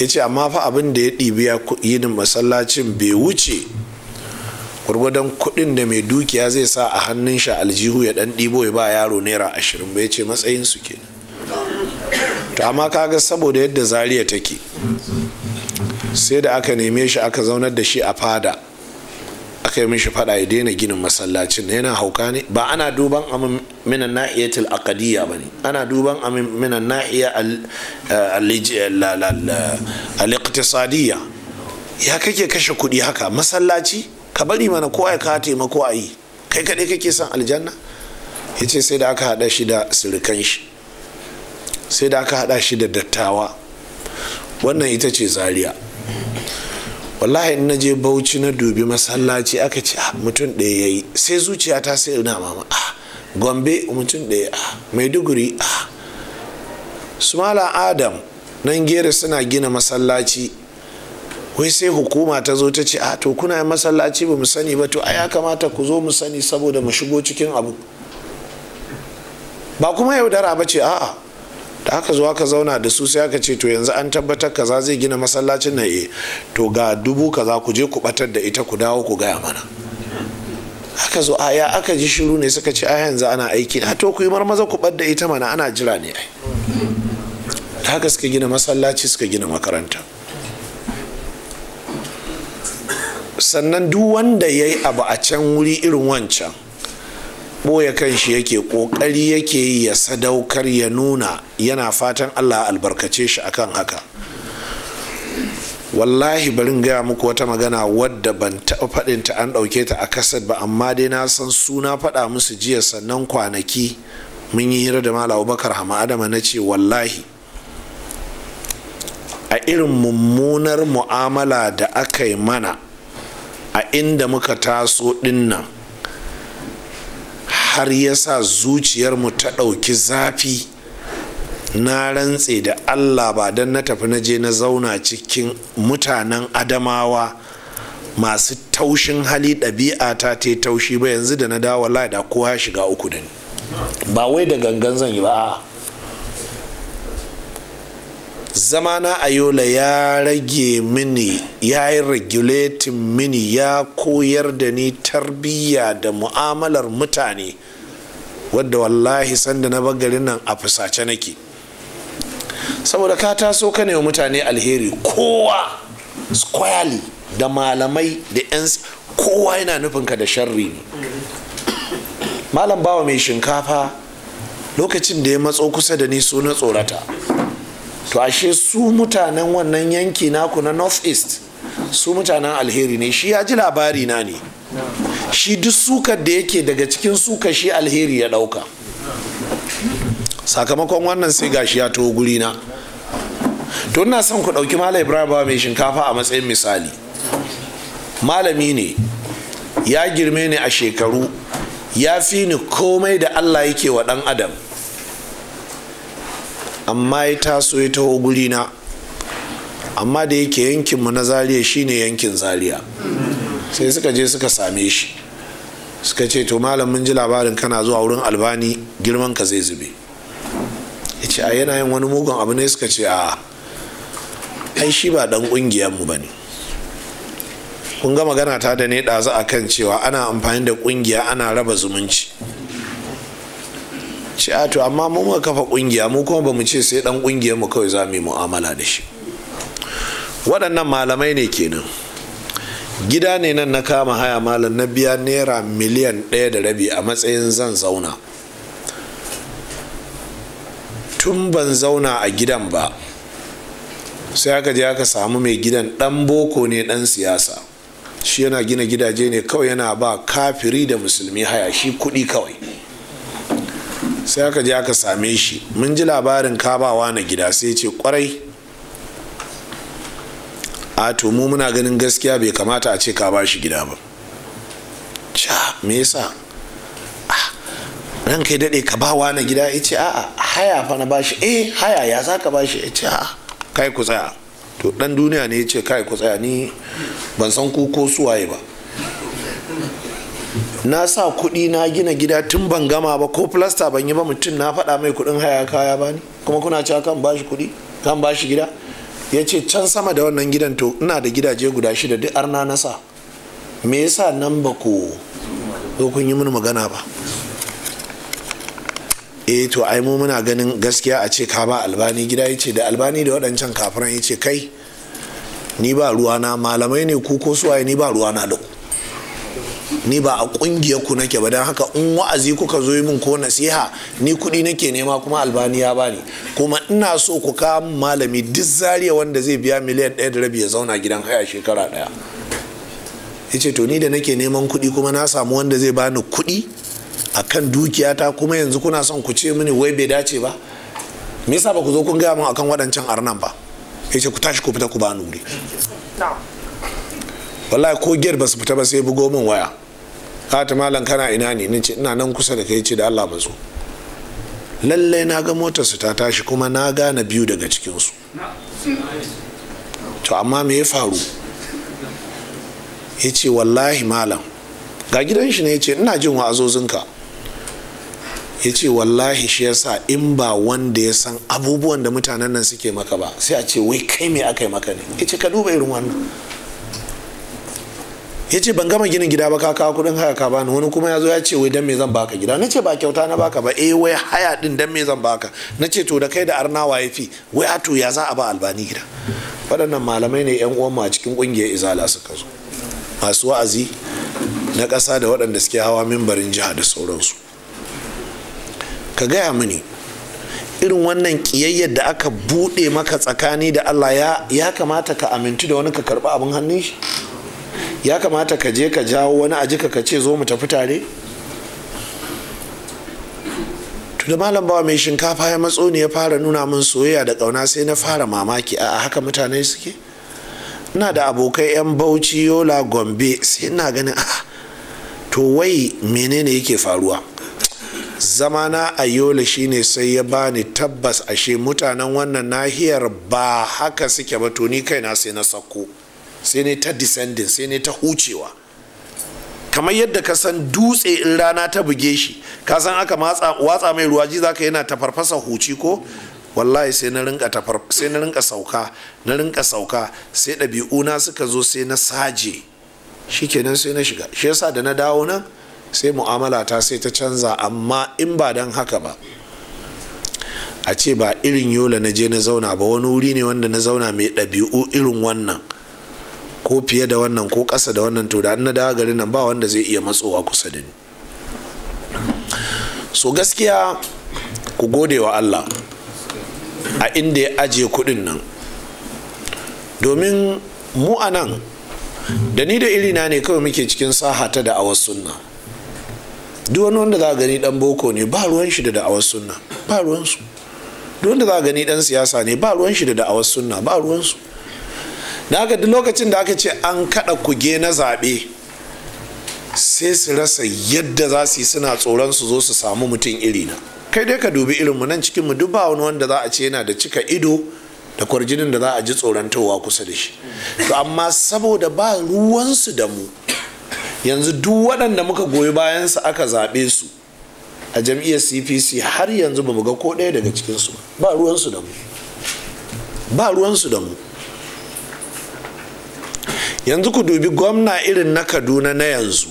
ya ce amma fa abin da ya ɗibi ya yinin masallacin bai wuce gwargwadon kuɗin da mai dukiya zai sa a hannun shi aljihu ya ɗan ɗibo ya ba yaro naira ashirin ba ya ce matsayin su ke to amma kaga saboda yadda zariya take sai da aka neme shi aka zaunar da shi a fada aka yi mishi faɗa ya daina ginin masallacin yana hauka ne ba ana duban amin minan nahiyatul ba ne. ana duban amin minan na'iyar al eh, ya kake kashe kuɗi haka masallaci ka bari mana ko ai ka taimako a yi kai kaɗai kake son aljanna ya ce sai da aka haɗa shi da sirikan shi sai da aka haɗa shi da dattawa wannan ita ce Zariya. wallahi in je bauchi na dubi masallaci aka ce ah, mutum ɗaya ya yi sai zuciya ta sai ina mama a ah, gombe mutum ɗaya a ah, maiduguri a su malam adam nan Gera suna gina masallaci wai sai hukuma ta zo ta ce a to kuna yin masallaci ba mu sani ba to a ya kamata ku zo mu sani saboda mu shigo cikin abu ba kuma yaudara ba ce a'a da aka zo aka zauna da su sai aka ce to yanzu an tabbatar kaza zai gina masallacin na e eh, to ga dubu kaza ku je ku batar da ita ku dawo ku gaya mana aka zo a ya aka ji shiru ne suka ce a yanzu ana aiki a ah, to ku yi marmaza ku bar da ita mana ana jira ne ai da haka suka gina masallaci suka gina makaranta sannan duk wanda ya yi abu a can wuri irin wancan ɓoye shi yake ƙoƙari yake yi ya sadaukar ya nuna yana fatan allah albarkace shi akan haka wallahi barin gaya muku wata magana wadda ban taɓa faɗinta an ɗauke ta a kasar ba amma dai na san suna faɗa musu jiya sannan kwanaki mun yi hira da malam abubakar hama adama na ce wallahi a irin mummunar mu'amala da aka yi mana a inda muka taso ɗinnan. har ya sa zuciyarmu ta ɗauki zafi na rantse da allah ba don na tafi na je na zauna cikin mutanen adamawa masu taushin hali ɗabi'a ta ta taushi ba yanzu da na dawo da kowa shiga uku da ni ba wai da gangan zan yi ba zamana a yola ya rage mini ya yi regulating mini ya koyar da ni tarbiyya da mu'amalar mutane wadda wallahi sanda na bagarin nan a fusace nake saboda ka taso ka wa mutane alheri kowa squarely da malamai da 'yan kowa yana nufinka da sharri ne malam bawa mai shinkafa lokacin da ya matso kusa da ni so na tsorata to ashe su mutanen wannan yanki naku na north east su mutanen alheri ne shi ya ji labari na ne shi duk sukar da yake daga cikin suka shi alheri ya dauka sakamakon wannan sai gashi ya taho guri na to ina son ku dauki malam ibrahim mai shinkafa a matsayin misali malami ne ya girme ni a shekaru ya fi ni komai da allah yake wa dan adam amma ya taso ya taho guri na amma da yake yankinmu na zariya shine yankin zariya sai suka je suka same shi suka ce to malamin ji labarin kana zuwa wurin albani girman ka zai zube ya ce a yana yin wani mugun abu ne suka ce a ai shi ba dan kungiyar mu ne kun ga magana ta da ne ɗazu a kan cewa ana amfani da kungiya ana raba zumunci ce ah, to amma mu muka kafa kungiya mu kuma bamu ce sai dan kungiyar mu kawai za mu yi mu'amala da shi waɗannan malamai ne kenan gida ne nan na kama haya malam na biya naira miliyan ɗaya da rabi a matsayin zan zauna tun ban zauna a gidan ba sai aka je aka samu mai gidan ɗan boko ne ɗan siyasa shi yana gina gidaje ne kawai yana ba kafiri da musulmi haya shi kuɗi kawai sai aka je aka same shi mun ji labarin kabawa na gida sai ce kwarai a to mu muna ganin gaskiya bai kamata a ce ka ba shi gida ba ca me yasa ah, ran kai dade ka ba wa na gida ya ce a'a haya fa na bashi eh haya ya za ka bashi ya ce a'a kai ku tsaya to dan duniya ne ya ce kai ku tsaya ni ban san ku ko suwaye ba na sa kuɗi na gina gida tun ban gama ba ko filasta ban yi ba mutum na faɗa mai kuɗin haya kaya ba ni kuma kuna cewa kan bashi kuɗi kan bashi gida ya ce can sama da wannan gidan to ina da gidaje guda shida duk arna na sa me yasa nan ba ku ko kun yi mini magana ba eh to ai mu muna ganin gaskiya a ce ka ba albani gida ya ce da albani da waɗancan kafiran ya ce kai ni ba ruwana malamai ne ku ko suwaye ni ba ruwana da ku ni ba a kungiyar ku nake ba don haka in wa'azi kuka zo min ko nasiha ni kuɗi nake nema kuma albani ya bani kuma ina so ku kawo malami duk zariya wanda zai biya miliyan ɗaya da rabi ya zauna gidan haya shekara ɗaya ya ce to ni da nake neman kuɗi kuma na samu wanda zai bani kuɗi a kan dukiyata kuma yanzu kuna son ku ce mini wai bai dace ba me yasa ba ku zo kun gaya min akan waɗancan arnan ba ya ce ku tashi ku fita ku bani wuri wallahi ko gyar ba su fita ba sai bugo min waya ta malam kana ina ne nace ina nan kusa da kai ce da Allah mazo lallai na ga motarsu ta tashi kuma na gane biyu daga cikinsu to amma me ya faru ya ce wallahi malam ga gidan shi ne ya ce ina jin wa'azozinka ya ce wallahi shi yasa in ba wanda ya san abubuwan da mutanen nan suke maka ba sai a ce wai kai me aka yi maka ne ya ce ka duba irin wannan ya ce ban gama ginin gida ba ka kawo kudin haya ka bani wani kuma ya zo ya ce wai dan me zan baka gida na ce ba kyauta na baka ba eh wai haya din dan me zan baka na ce to da kai da arnawa ya fi wai ato ya za a ba albani gida waɗannan malamai ne yan uwan mu a cikin ƙungiyar izala suka zo masu wa'azi na ƙasa da waɗanda suke hawa membarin jiha da sauransu ka gaya mini irin wannan ƙiyayyar da aka buɗe maka tsakani da allah ya kamata ka amintu da wani ka karba abin hannun shi ya kamata ka je ka jawo wani ajika ka ce zo mu tafi tare da malam bawa mai shinkafa ya matso ne ya fara nuna min soyayya da ƙauna sai na fara mamaki a haka mutane suke ina da abokai 'yan bauchi yola gombe sai ina ganin a to wai menene yake faruwa zamana a yola shine sai ya bani tabbas ashe mutanen wannan nahiyar ba haka suke ba to ni kaina sai na sako sai ne ta descending sai ne ta hucewa kamar yadda ka san dutse in rana ta buge shi ka san aka watsa mai ruwa ji zaka yana tafarfasa huci ko wallahi sai na rinka sai na rinka sauka na rinka sauka sai na suka zo sai na saje shikenan sai na shiga shi yasa da na dawo nan sai mu'amala ta sai ta canza amma in ba dan haka ba a ce ba irin yola na je na zauna ba wani wuri ne wanda na zauna mai ɗabi'u irin wannan ko fiye da wannan ko kasa da wannan to da an da nan ba wanda zai iya matsowa kusa da ni so gaskiya ku gode wa Allah a inda ya ajiye kuɗin nan domin mu a nan da ni da irina ne kawai muke cikin saha ta da'awar sunna duk wani wanda za gani dan boko ne ba ruwan shi da da'awar sunna ba ruwan su duk wanda za gani dan siyasa ne ba ruwan shi da da'awar sunna ba ruwan su da ga duk lokacin da aka ce an kada kuge na zaɓe sai su rasa yadda za su yi suna tsoron su zo su samu mutum iri na kai dai ka dubi irinmu nan cikin mu duk ba wani wanda za a ce yana da cika ido da kwarjinin da za a ji tsorantowa kusa da shi to amma saboda ba ruwansu da mu yanzu duk waɗanda muka goyi bayansu aka zaɓe su a jam'iyyar cpc har yanzu ba mu ga ko ɗaya daga cikinsu ba ruwansu da mu ba ruwansu da mu yanzu ku dubi gwamna irin na kaduna na yanzu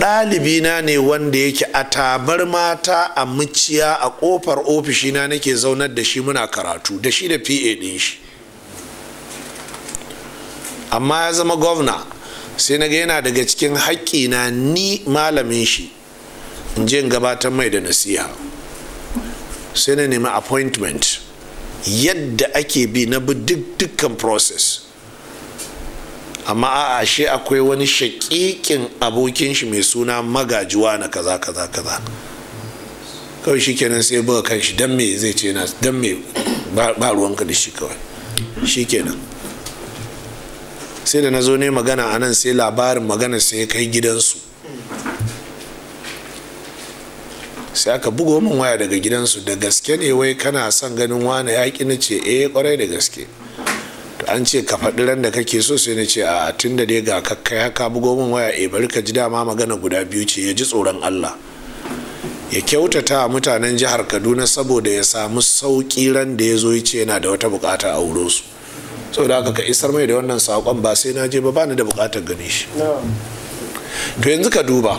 ɗalibina ne wanda yake a tabar mata a muciya a ƙofar ofishina nake zaunar da shi muna karatu da shi da pa ɗin shi amma ya zama gwamna sai na ga yana daga cikin haƙƙina ni malamin shi in je in gabatar mai da nasiha sai na nemi appointment yadda ake bi na bi dukkan process amma a ashe akwai wani shaƙiƙin abokin shi mai suna magajuwa na kaza kaza kaza kawai shi kenan sai buga kan shi dan me zai ce na dan me ba ruwanka da shi kawai shi kenan sai da na zo ne magana a nan sai labarin magana sai ya kai gidansu sai aka bugo min waya daga gidansu da gaske ne wai kana son ganin wani yaƙi na ce eh kwarai da gaske an ce ka faɗi ran da kake so sai na ce a tun da dai ga kakkai haka bugo min waya e bari ka ji dama magana guda biyu ce ya ji tsoron Allah ya kyautata mutanen jihar Kaduna saboda ya samu sauƙi ran da ya zo ya ce yana da wata bukata a wuro su saboda haka ka isar mai da wannan saƙon ba sai na je ba bani da buƙatar gane shi to yanzu ka duba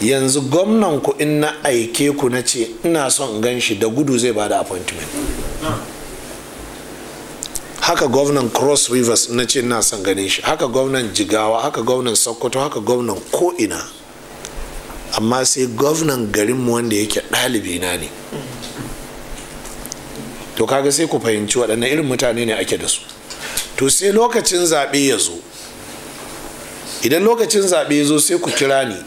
yanzu gwamnan ku in na aike ku na ce ina son gan shi da gudu zai bada appointment haka gwamnan cross rivers na ce na san ganin shi haka gwamnan jigawa haka gwamnan sokoto haka gwamnan ko'ina amma sai gwamnan garinmu wanda yake ɗalibi na ne to kaga sai ku fahimci waɗannan irin mutane ne ake da su to sai lokacin zaɓe ya zo idan lokacin zaɓe ya zo sai ku kira ni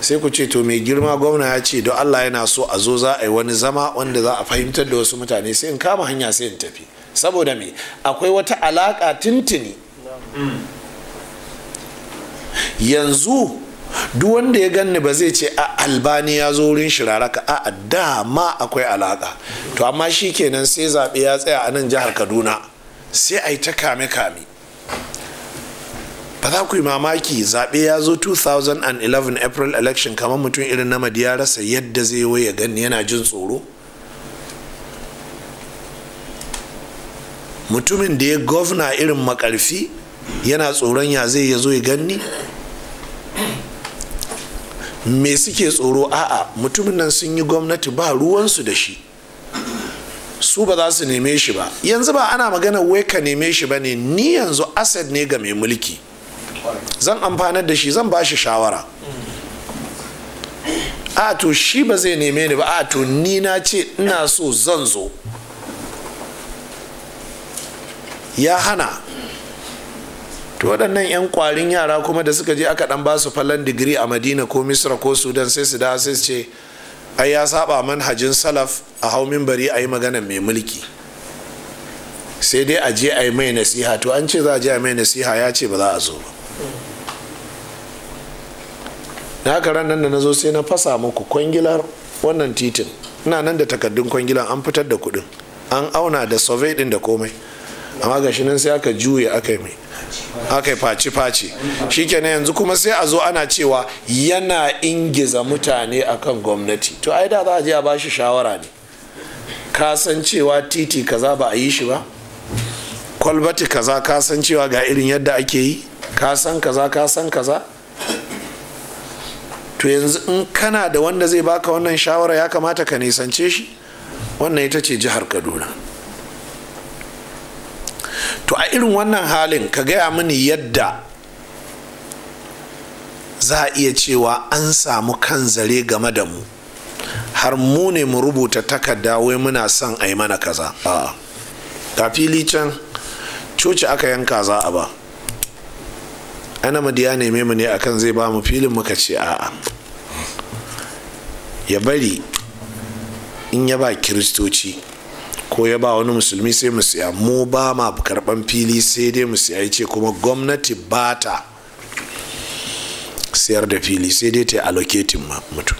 sai ku ce to mai girma gwamna ya ce don allah yana so a zo za a yi wani zama wanda za a fahimtar da wasu mutane sai in kama hanya sai in tafi saboda me akwai wata alaƙa tintini yanzu duk wanda ya ganni ba zai ce a albani ya zo wurin shiraraka a dama akwai alaƙa. to amma shi kenan sai zaɓe ya tsaya a nan jihar kaduna sai a yi ta kame-kame ba za ku yi mamaki zaɓe ya zo 2011 april election kamar mutum irin na ya rasa yadda zai ya gani yana jin tsoro mutumin da ya gwamna irin makarfi yana tsoron ya zai ya zo ya ganni me suke tsoro a'a mutumin nan sun yi gwamnati ba ruwansu da shi su ba za su neme shi ba yanzu ba ana magana wai ka neme shi ba ne ni yanzu asad ne ga mai mulki zan amfanar da shi zan ba shi shawara a to shi ba zai neme ni ba a to ni na ce ina so zan zo ya hana to waɗannan 'yan kwarin yara kuma da suka je aka ɗan ba su falon digiri a madina ko misra ko sudan sai su dace sai su ce ai ya saba manhajin salaf a hau bari a yi magana mai mulki sai dai a je a yi mai nasiha to an ce za a je a mai nasiha ya ce ba za a zo ba na haka ran nan da na zo sai na fasa muku kwangilar wannan titin ina nan da takardun kwangilar an fitar da kuɗin an auna da survey ɗin da komai amma ga shi nan sai aka juye aka mai aka faci faci na yanzu kuma sai a zo ana cewa yana ingiza mutane akan gwamnati to ai da za a je a bashi shawara ne ka san cewa titi kaza ba a yi shi ba kwalbati kaza ka san cewa ga irin yadda ake yi ka san kaza ka san kaza to yanzu in kana da wanda zai baka wannan shawara ya kamata ka nisance shi wannan ita ce jihar kaduna to a irin wannan halin ka gaya mini yadda za a iya cewa an samu kan zare game da mu har mu ne mu rubuta takarda wai muna son a yi mana kaza a fili can coci aka yanka za a ba ana madiya neme mu ne akan zai ba mu filin muka ce a'a ya bari in ya ba kiristoci ko ya ba wani musulmi sai mu siya mu ba ma karban fili sai dai mu siya ce kuma gwamnati ba ta siyar da fili sai dai ta yi allocating mutum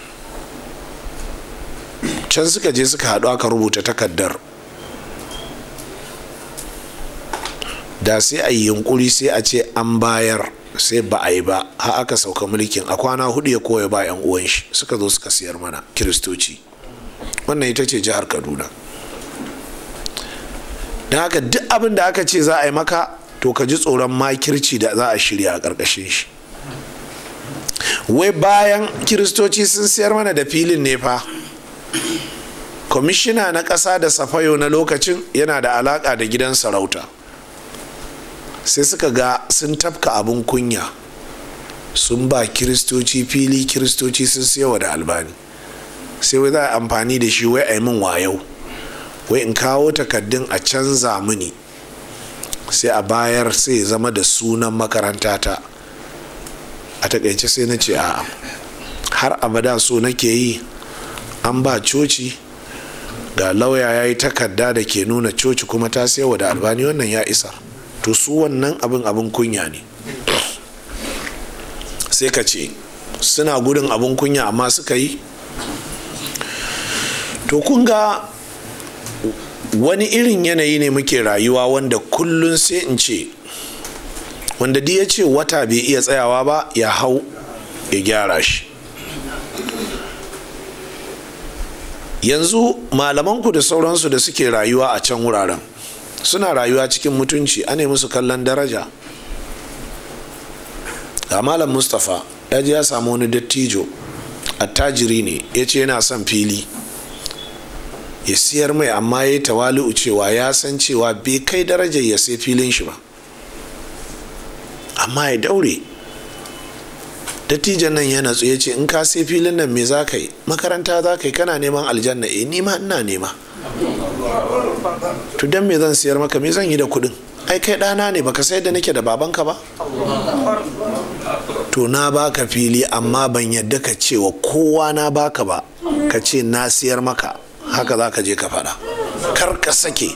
can suka je suka haɗu aka rubuta takardar da sai a yi yunkuri sai a ce an bayar sai ba a yi ba ha aka sauka mulkin a kwana hudu ya koya ba 'yan uwan suka zo suka siyar mana kiristoci wannan ita ce jihar kaduna don haka duk abin da aka ce za a yi maka to ka ji tsoron makirci da za a shirya a ƙarƙashin shi wai bayan kiristoci sun siyar mana da filin ne fa kwamishina na ƙasa da safayo na lokacin yana da alaƙa da gidan sarauta sai suka ga sun tafka abin kunya sun ba kiristoci fili kiristoci sun siyawa da albani sai wai za a yi amfani da shi wai a yi min wayo. wai in kawo takaddun a canza mini sai a bayar sai zama da sunan makaranta ta a takaice sai na ce a'a har abada so nake yi an ba coci ga lauya ya yi takarda da ke nuna coci kuma ta sayawa da albani wannan ya isa to su wannan abin abin kunya ne sai ka ce suna gudun abin kunya amma suka yi to kun ga wani irin yanayi ne muke rayuwa wanda kullun sai in ce wanda di ya ce wata bai iya tsayawa ba ya hau ya gyara shi yanzu malamanku da sauransu da suke rayuwa a can wuraren suna rayuwa cikin mutunci a ne musu kallon daraja ga malam mustapha ya ji ya samu wani dattijo attajiri ne ya ce yana son fili ya siyar mai amma ya yi tawali'u cewa ya san cewa bai kai darajar ya sai filin shi ba amma ya daure dattijan nan yana natsu ce in ka sai filin nan me za ka yi makaranta za ka yi kana neman aljanna eh nima ina nema to dan me zan siyar maka me zan yi da kuɗin ai kai ɗana ne baka sai da nake da babanka ba to na baka fili amma ban yadda ka cewa kowa na baka ba ka ce na siyar maka haka za ka je ka faɗa kar ka sake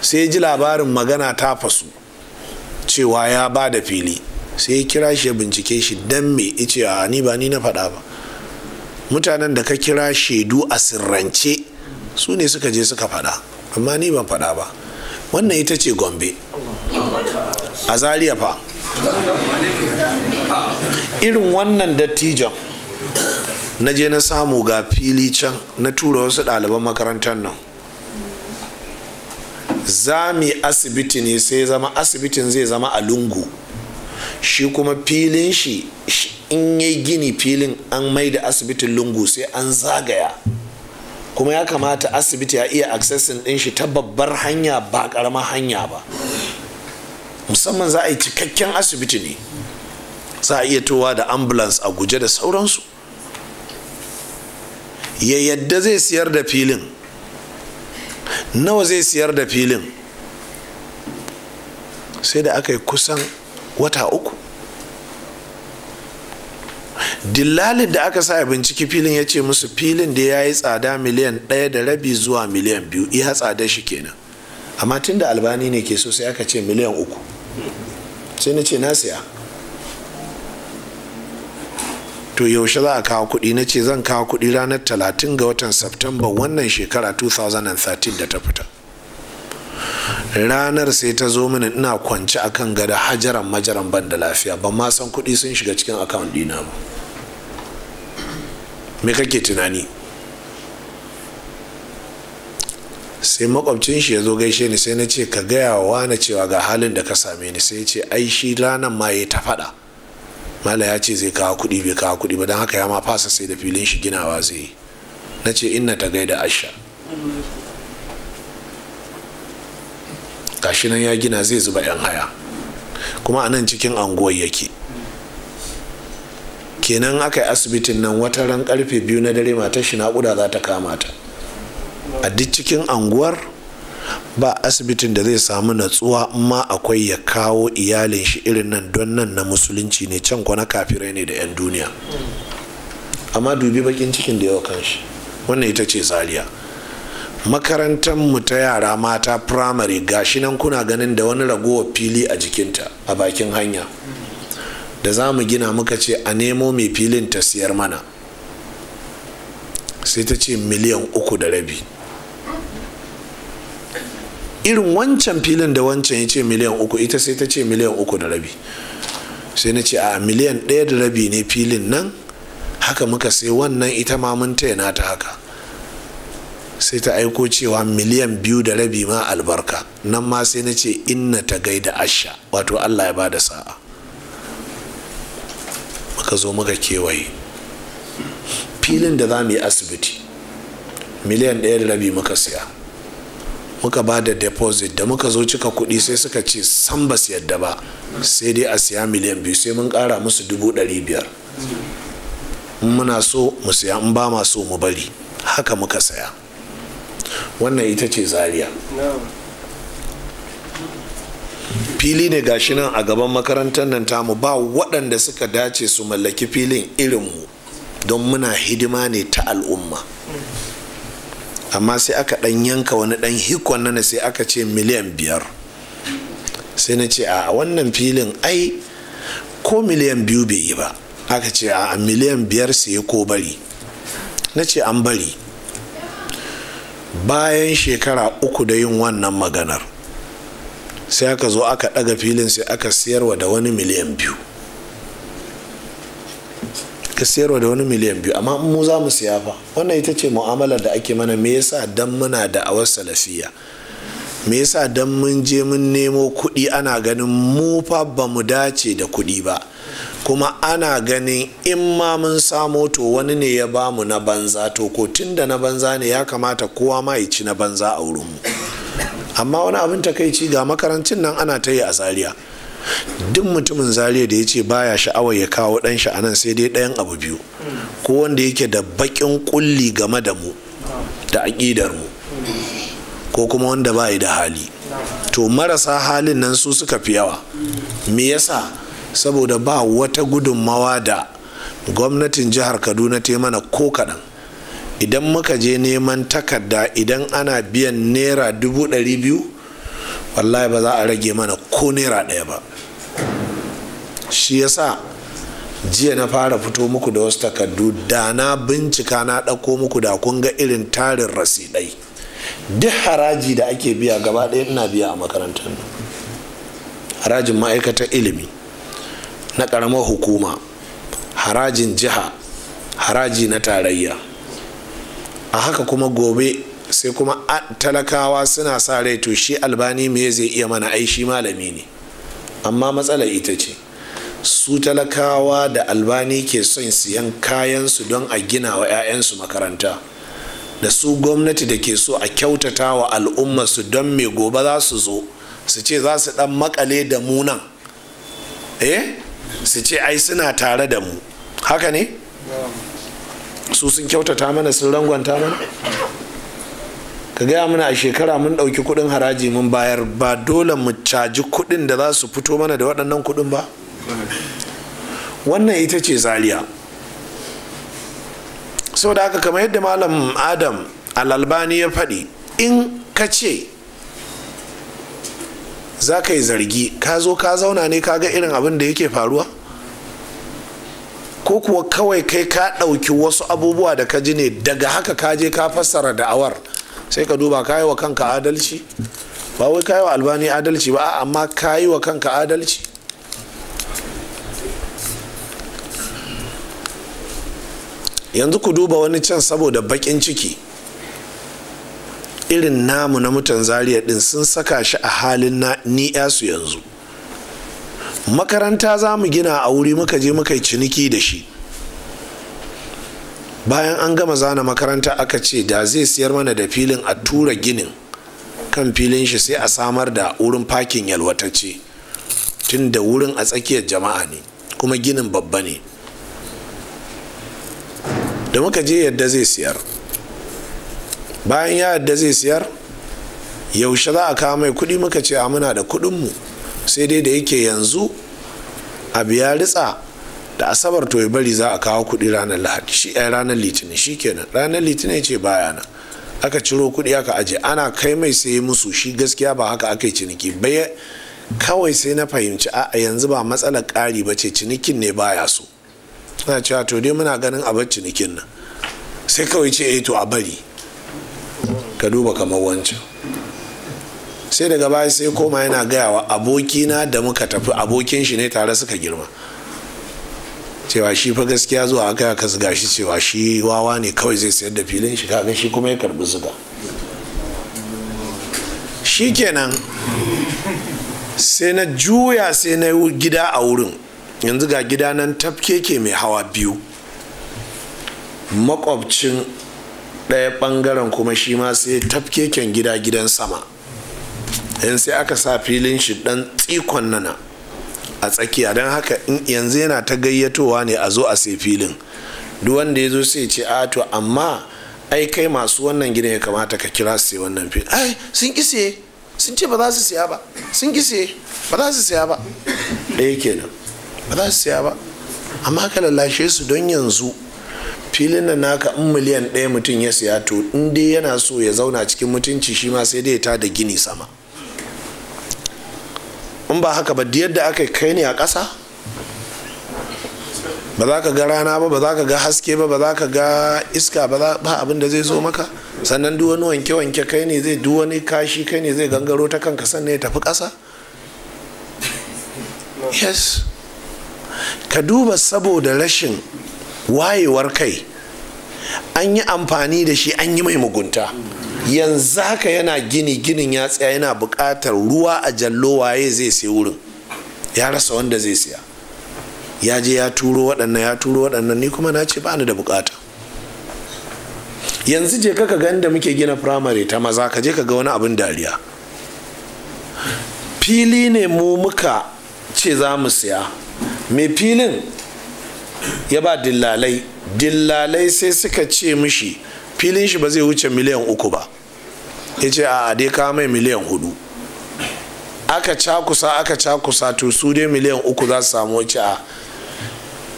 sai ji labarin magana ta fasu cewa ya ba da fili sai ya kira shi ya bincike shi dan me ice a ni ba ni na faɗa ba mutanen da ka kira shaidu a sirrance su ne suka je suka faɗa amma ni ban faɗa ba wannan ita ce gombe a zariya fa irin wannan dattijon na je na samu ga fili can na tura wasu ɗaliban makarantar nan za mu asibiti ne sai zama asibitin zai zama a lungu shi kuma filin shi in ya gini filin an mai da asibitin lungu sai an zagaya kuma ya kamata asibiti ya iya accessing din shi ta babbar hanya ba karama hanya ba musamman za a yi cikakken asibiti ne za a iya towa da ambulance a guje da sauransu ya yadda zai siyar da filin nawa zai siyar da filin sai da aka yi kusan wata uku dillalin da aka sa binciki filin ya ce musu filin da ya yi tsada miliyan ɗaya da rabi zuwa miliyan biyu iya tsada shi kenan amma tun da albani ne ke so sai aka ce miliyan uku sai na ce na siya to yaushe za a kawo kuɗi na ce zan kawo kuɗi ranar talatin ga watan september wannan shekara 2013 da ta fita ranar sai ta zo mini ina kwance akan gada hajaran majaran ban da lafiya ban ma san kuɗi sun shiga cikin akawun ɗina ba me kake tunani sai makwabcin shi ya zo gaishe ni sai na ce ka gaya wa na cewa ga halin da ka same ni sai ya ce ai shi ranar ma ya ta faɗa mala ya ce zai kawo kuɗi bai kawo kuɗi ba don haka ya ma fasa sai da filin shi ginawa zai yi na ce inna ta gaida asha gashi nan ya gina zai zuba yan haya kuma a nan cikin anguwar yake kenan aka yi asibitin nan wata ran karfe biyu na dare mata shi naƙuda za ta kama ta a duk cikin anguwar ba asibitin da zai samu natsuwa ma akwai ya kawo iyalin shi irin nan don nan na musulunci ne can na kafirai ne da 'yan duniya amma dubi bakin cikin da yawa kan shi wannan ita ce zaria makarantar mu ta yara mata primary gashi nan kuna ganin da wani ragowar fili a jikinta a bakin hanya da za mu gina muka ce a nemo mai filin ta siyar mana sai ta ce miliyan uku da rabi irin wancan filin da wancan ya ce miliyan uku ita sai ta ce miliyan uku da rabi sai na ce a miliyan ɗaya da rabi ne filin nan haka muka sai wannan ita ma mun taya ta haka sai ta aiko cewa miliyan biyu da rabi ma albarka nan ma sai na ce inna ta gaida asha wato allah ya ba da sa'a muka zo muka kewaye filin da za mu yi asibiti miliyan ɗaya da rabi muka siya muka ba da deposit da muka zo cika kuɗi sai suka ce san ba su yadda ba sai dai a siya miliyan biyu sai mun ƙara musu dubu ɗari biyar muna so mu siya in ba ma so mu bari haka muka saya wannan ita ce zaria fili ne gashi nan a gaban makarantar nan mu ba waɗanda suka dace su mallaki filin irinmu don muna hidima ne ta al'umma amma sai aka ɗan yanka wani ɗan hikon nana sai aka ce miliyan biyar sai na ce a wannan filin ai ko miliyan biyu bai yi ba aka ce a miliyan biyar sai ko bari na ce an bari bayan shekara uku da yin wannan maganar sai aka zo aka ɗaga filin sai aka siyarwa da wani miliyan biyu ka sayarwa da wani miliyan biyu amma mu za mu siya fa wannan ita ce mu'amalar da ake mana me yasa dan muna da awar salafiya me yasa dan mun je mun nemo kuɗi ana ganin mu fa ba mu dace da kuɗi ba kuma ana ganin in ma mun samo to wani ne ya ba mu na banza to ko tun da na banza ne ya kamata kowa ma ya ci na banza a wurin mu amma wani abin takaici ga makarancin nan ana ta yi a zariya duk mutumin zariya da ya ce baya sha'awar ya kawo ɗan shi sai dai ɗayan abu biyu ko wanda yake da baƙin ƙulli game da mu da aƙidar mu ko kuma wanda ba da hali to marasa halin nan su suka fi yawa me yasa saboda ba wata gudunmawa da gwamnatin jihar kaduna ta mana ko kaɗan idan muka je neman takarda idan ana biyan naira dubu ɗari biyu wallahi ba za a rage mana ko naira ɗaya ba shi yasa jiya na fara fito muku da wasu takardu da na bincika na ɗauko muku da kun ga irin tarin rasidai duk haraji da ake biya gaba ɗaya ina biya a makarantar harajin ma'aikatar ilimi na ƙaramar hukuma harajin jiha haraji na tarayya a haka kuma gobe sai kuma talakawa suna sa rai to shi albani me zai iya mana aishi malami ne amma matsala ita ce su talakawa da albani ke son siyan kayansu don a gina wa 'ya'yansu makaranta da su gwamnati da ke so a kyautata wa al'ummarsu don mai gobe za su zo su ce za su dan makale da mu eh su ce ai suna tare da mu haka ne su sun kyautata mana sun rangwanta mana ka gaya mana a shekara mun ɗauki kuɗin haraji mun bayar ba dole mu caji kuɗin da za su fito mana da waɗannan kuɗin ba wannan ita ce zaria da haka kama yadda malam adam alalbani ya faɗi in ka ce za ka yi zargi ka zo ka zauna ne ka ga irin abin da yake faruwa ko kuwa kawai kai ka ɗauki wasu abubuwa da ka ji ne daga haka ka je ka fassara da awar sai ka duba ka yi wa kanka adalci ba wai ka yi wa albani adalci ba amma ka yi wa kanka adalci yanzu ku duba wani can saboda baƙin ciki irin namu na mutan zariya din sun saka shi a halin na ni su yanzu makaranta za mu gina a wuri muka je muka yi ciniki da shi bayan an gama zana makaranta aka ce da zai siyar mana da filin a tura ginin kan filin shi sai a samar da wurin fakin yalwatacce tun da wurin a tsakiyar jama'a ne kuma ginin babba ne da muka je yadda zai siyar bayan ya yadda zai siyar yaushe za a kawo mai kuɗi muka ce a muna da kuɗinmu sai dai da yake yanzu a biya ritsa da asabar to ya bari za a kawo kuɗi ranar lahadi shi ɗaya eh, ranar litinin shi kenan ranar litinin ce baya na aka ciro kuɗi aka aje ana kai mai sai musu shi gaskiya ba haka aka yi ciniki bai kawai sai na fahimci a yanzu ba matsalar ƙari ba ce cinikin ne baya so suna cewa to dai muna ganin a bar cinikin nan sai kawai ce eh to a bari ka duba kamar wancan sai daga baya sai koma yana gaya wa abokina da muka tafi abokin shi ne tare suka girma cewa shi fa gaskiya zuwa aka aka zuga shi cewa shi wawa ne kawai zai sayar da filin shi kaga shi kuma ya karbi zuga shi kenan sai na juya sai na gida a wurin yanzu ga gida nan tafkeke mai hawa biyu makwabcin ɗaya ɓangaren kuma shi ma sai tafkeken gida gidan sama yanzu sai aka sa filin shi ɗan tsikon nana a tsakiya don haka yanzu yana ta gayyatowa ne a zo a sai filin duk wanda ya zo sai ce a to amma ai kai masu wannan gidan ya kamata ka kira su sai wannan filin ai sun kise sun ce ba za su siya ba sun kise ba za su siya ba ɗaya kenan ba za su siya ba amma ka lalashe su don yanzu filin na naka in miliyan ɗaya mutum ya siya to in dai yana so ya zauna cikin mutunci shi ma sai dai ta da gini sama in ba haka ba yadda aka kai ne a ƙasa ba za ka ga rana ba ba za ka ga haske ba ba za ka ga iska ba za ba abin da zai zo maka sannan duk wani wanke-wanke kai ne zai duk wani kashi kai ne zai gangaro ta kanka sannan ya tafi ƙasa yes ka duba saboda rashin wayewar kai an yi amfani da shi an yi mai mugunta yanzu haka yana gini ginin ya tsaya yana buƙatar ruwa a jallo waye zai sai wurin ya rasa wanda zai siya ya je ya turo waɗannan ya turo waɗannan ni kuma na ce ba da buƙata yanzu je ka ga inda muke gina firamare ta maza ka je ka ga wani abin dariya fili ne mu muka ce za mu siya mai filin ya ba dillalai dillalai sai suka ce mishi filin shi ba zai wuce miliyan uku ba ya ce a dai kawo mai miliyan hudu aka cakusa aka cakusa to su dai miliyan uku za su samu wace a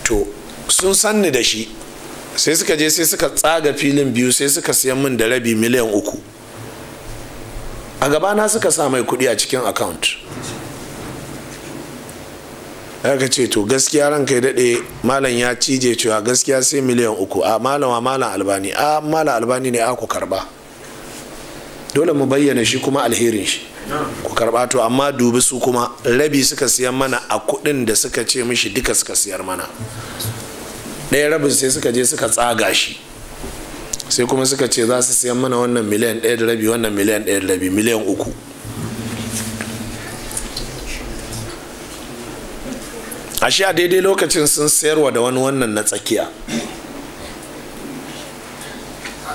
to sun sanni da shi sai suka je sai suka tsaga filin biyu sai suka siyan min da rabi miliyan uku a gabana suka sa mai kudi a cikin account aka ce to gaskiya ranka ya dade malam ya cije cewa gaskiya sai miliyan uku a malam a malam albani a malam albani ne a ku karba dole mu bayyana shi kuma alherin shi ku karba to amma dubi su kuma rabi suka siyan mana a kuɗin da suka ce mishi duka suka siyar mana ɗaya rabin sai suka je suka tsaga shi sai kuma suka ce za su siyan mana wannan miliyan ɗaya da rabi wannan miliyan ɗaya da rabi miliyan uku ashe a daidai lokacin sun sayarwa da wani wannan na tsakiya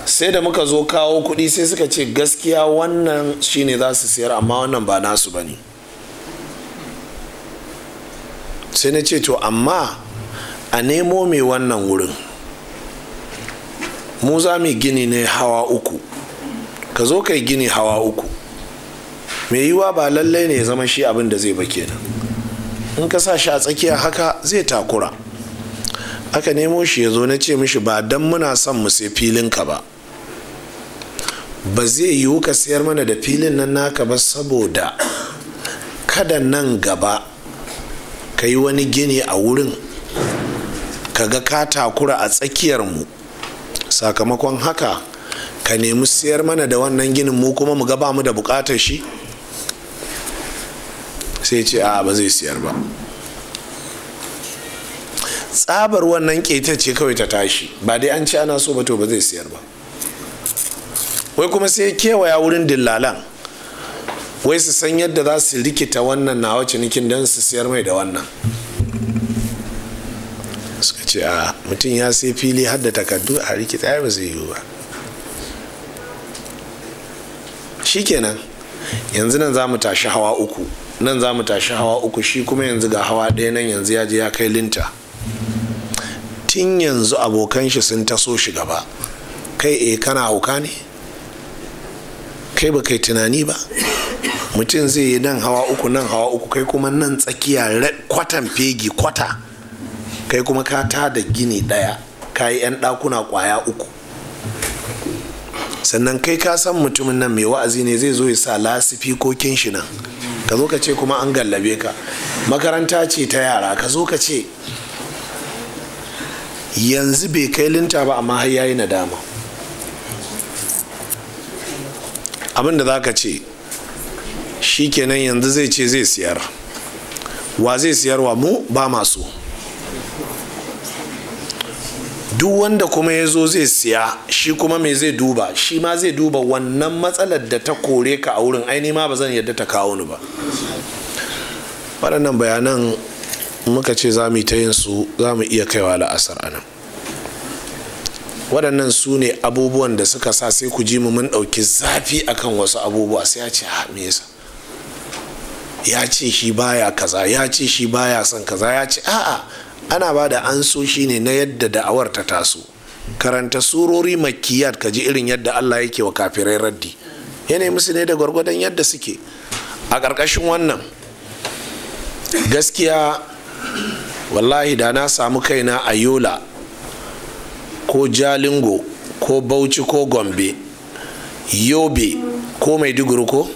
sai da muka zo kawo kuɗi sai suka ce gaskiya wannan shine za su sayar amma wannan ba nasu ba ne sai na ce to amma a nemo mai wannan wurin mu za mu gini ne hawa uku ka zo ka yi gini hawa uku mai yiwa ba lallai ne ya zama shi abin da zai ba kenan in ka sa shi a tsakiya haka zai takura aka nemo shi ya zo na ce mishi ba dan muna son mu sai ka ba ba zai yiwu ka sayar mana da filin nan naka ba saboda kada nan gaba ka yi wani gini a wurin ka ga ka takura a tsakiyar mu sakamakon haka ka nemi sayar mana da wannan ginin mu kuma mu ga ba mu da bukatar shi sai ce a ba zai siyar ba tsabar wannan ƙeta ce kawai ta tashi ba dai an ce ana so ba to ba zai siyar ba wai kuma sai kewaya wurin dillalan wai su san yadda za su rikita wannan nawa cinikin don su siyar mai da wannan suka ce a mutum ya sai fili har da takardu a rikita ya ba zai yiwu ba shikenan yanzu nan za mu tashi hawa uku nan za mu tashi hawa uku shi kuma yanzu ga hawa ɗaya nan yanzu ya je ya kai linta tun yanzu abokan shi sun taso shi gaba kai e kana hauka ne kai ba kai tunani ba mutum zai yi nan hawa uku nan hawa uku kai kuma nan tsakiya kwatan fegi kwata kai kuma ka da gini ɗaya ka yi 'yan ɗakuna kwaya uku sannan kai ka san mutumin nan mai wa'azi ne zai zo ya sa lasifi ko shi nan ka zo ka ce kuma an gallabe ka makaranta ce ta yara ka zo ka ce yanzu bai kai linta ba amma har yayi nadama abin da za ka ce shi kenan yanzu zai ce zai siyar wa zai siyar wa mu ba masu duk wanda kuma ya zo zai siya shi kuma mai zai duba shi ma zai duba wannan matsalar da ta kore ka a wurin aini ma ba zan yadda ta kawo ni ba waɗannan bayanan muka ce za mu yi ta yin su za mu iya kaiwa la'asar a nan waɗannan su ne abubuwan da suka sa sai ku ji mu mun ɗauki zafi akan wasu abubuwa sai ya ce ha me yasa ya ce shi baya kaza ya ce shi baya son kaza ya ce a'a ana ba da anso ne na yadda da'awar ta taso karanta surori makiyat ka ji irin yadda Allah yake wa kafirai raddi yana musu ne da gwargwadon yadda suke a ƙarƙashin wannan gaskiya wallahi da na samu kaina a yola ko jalingo ko bauchi ko gombe yobe ko maiduguri ko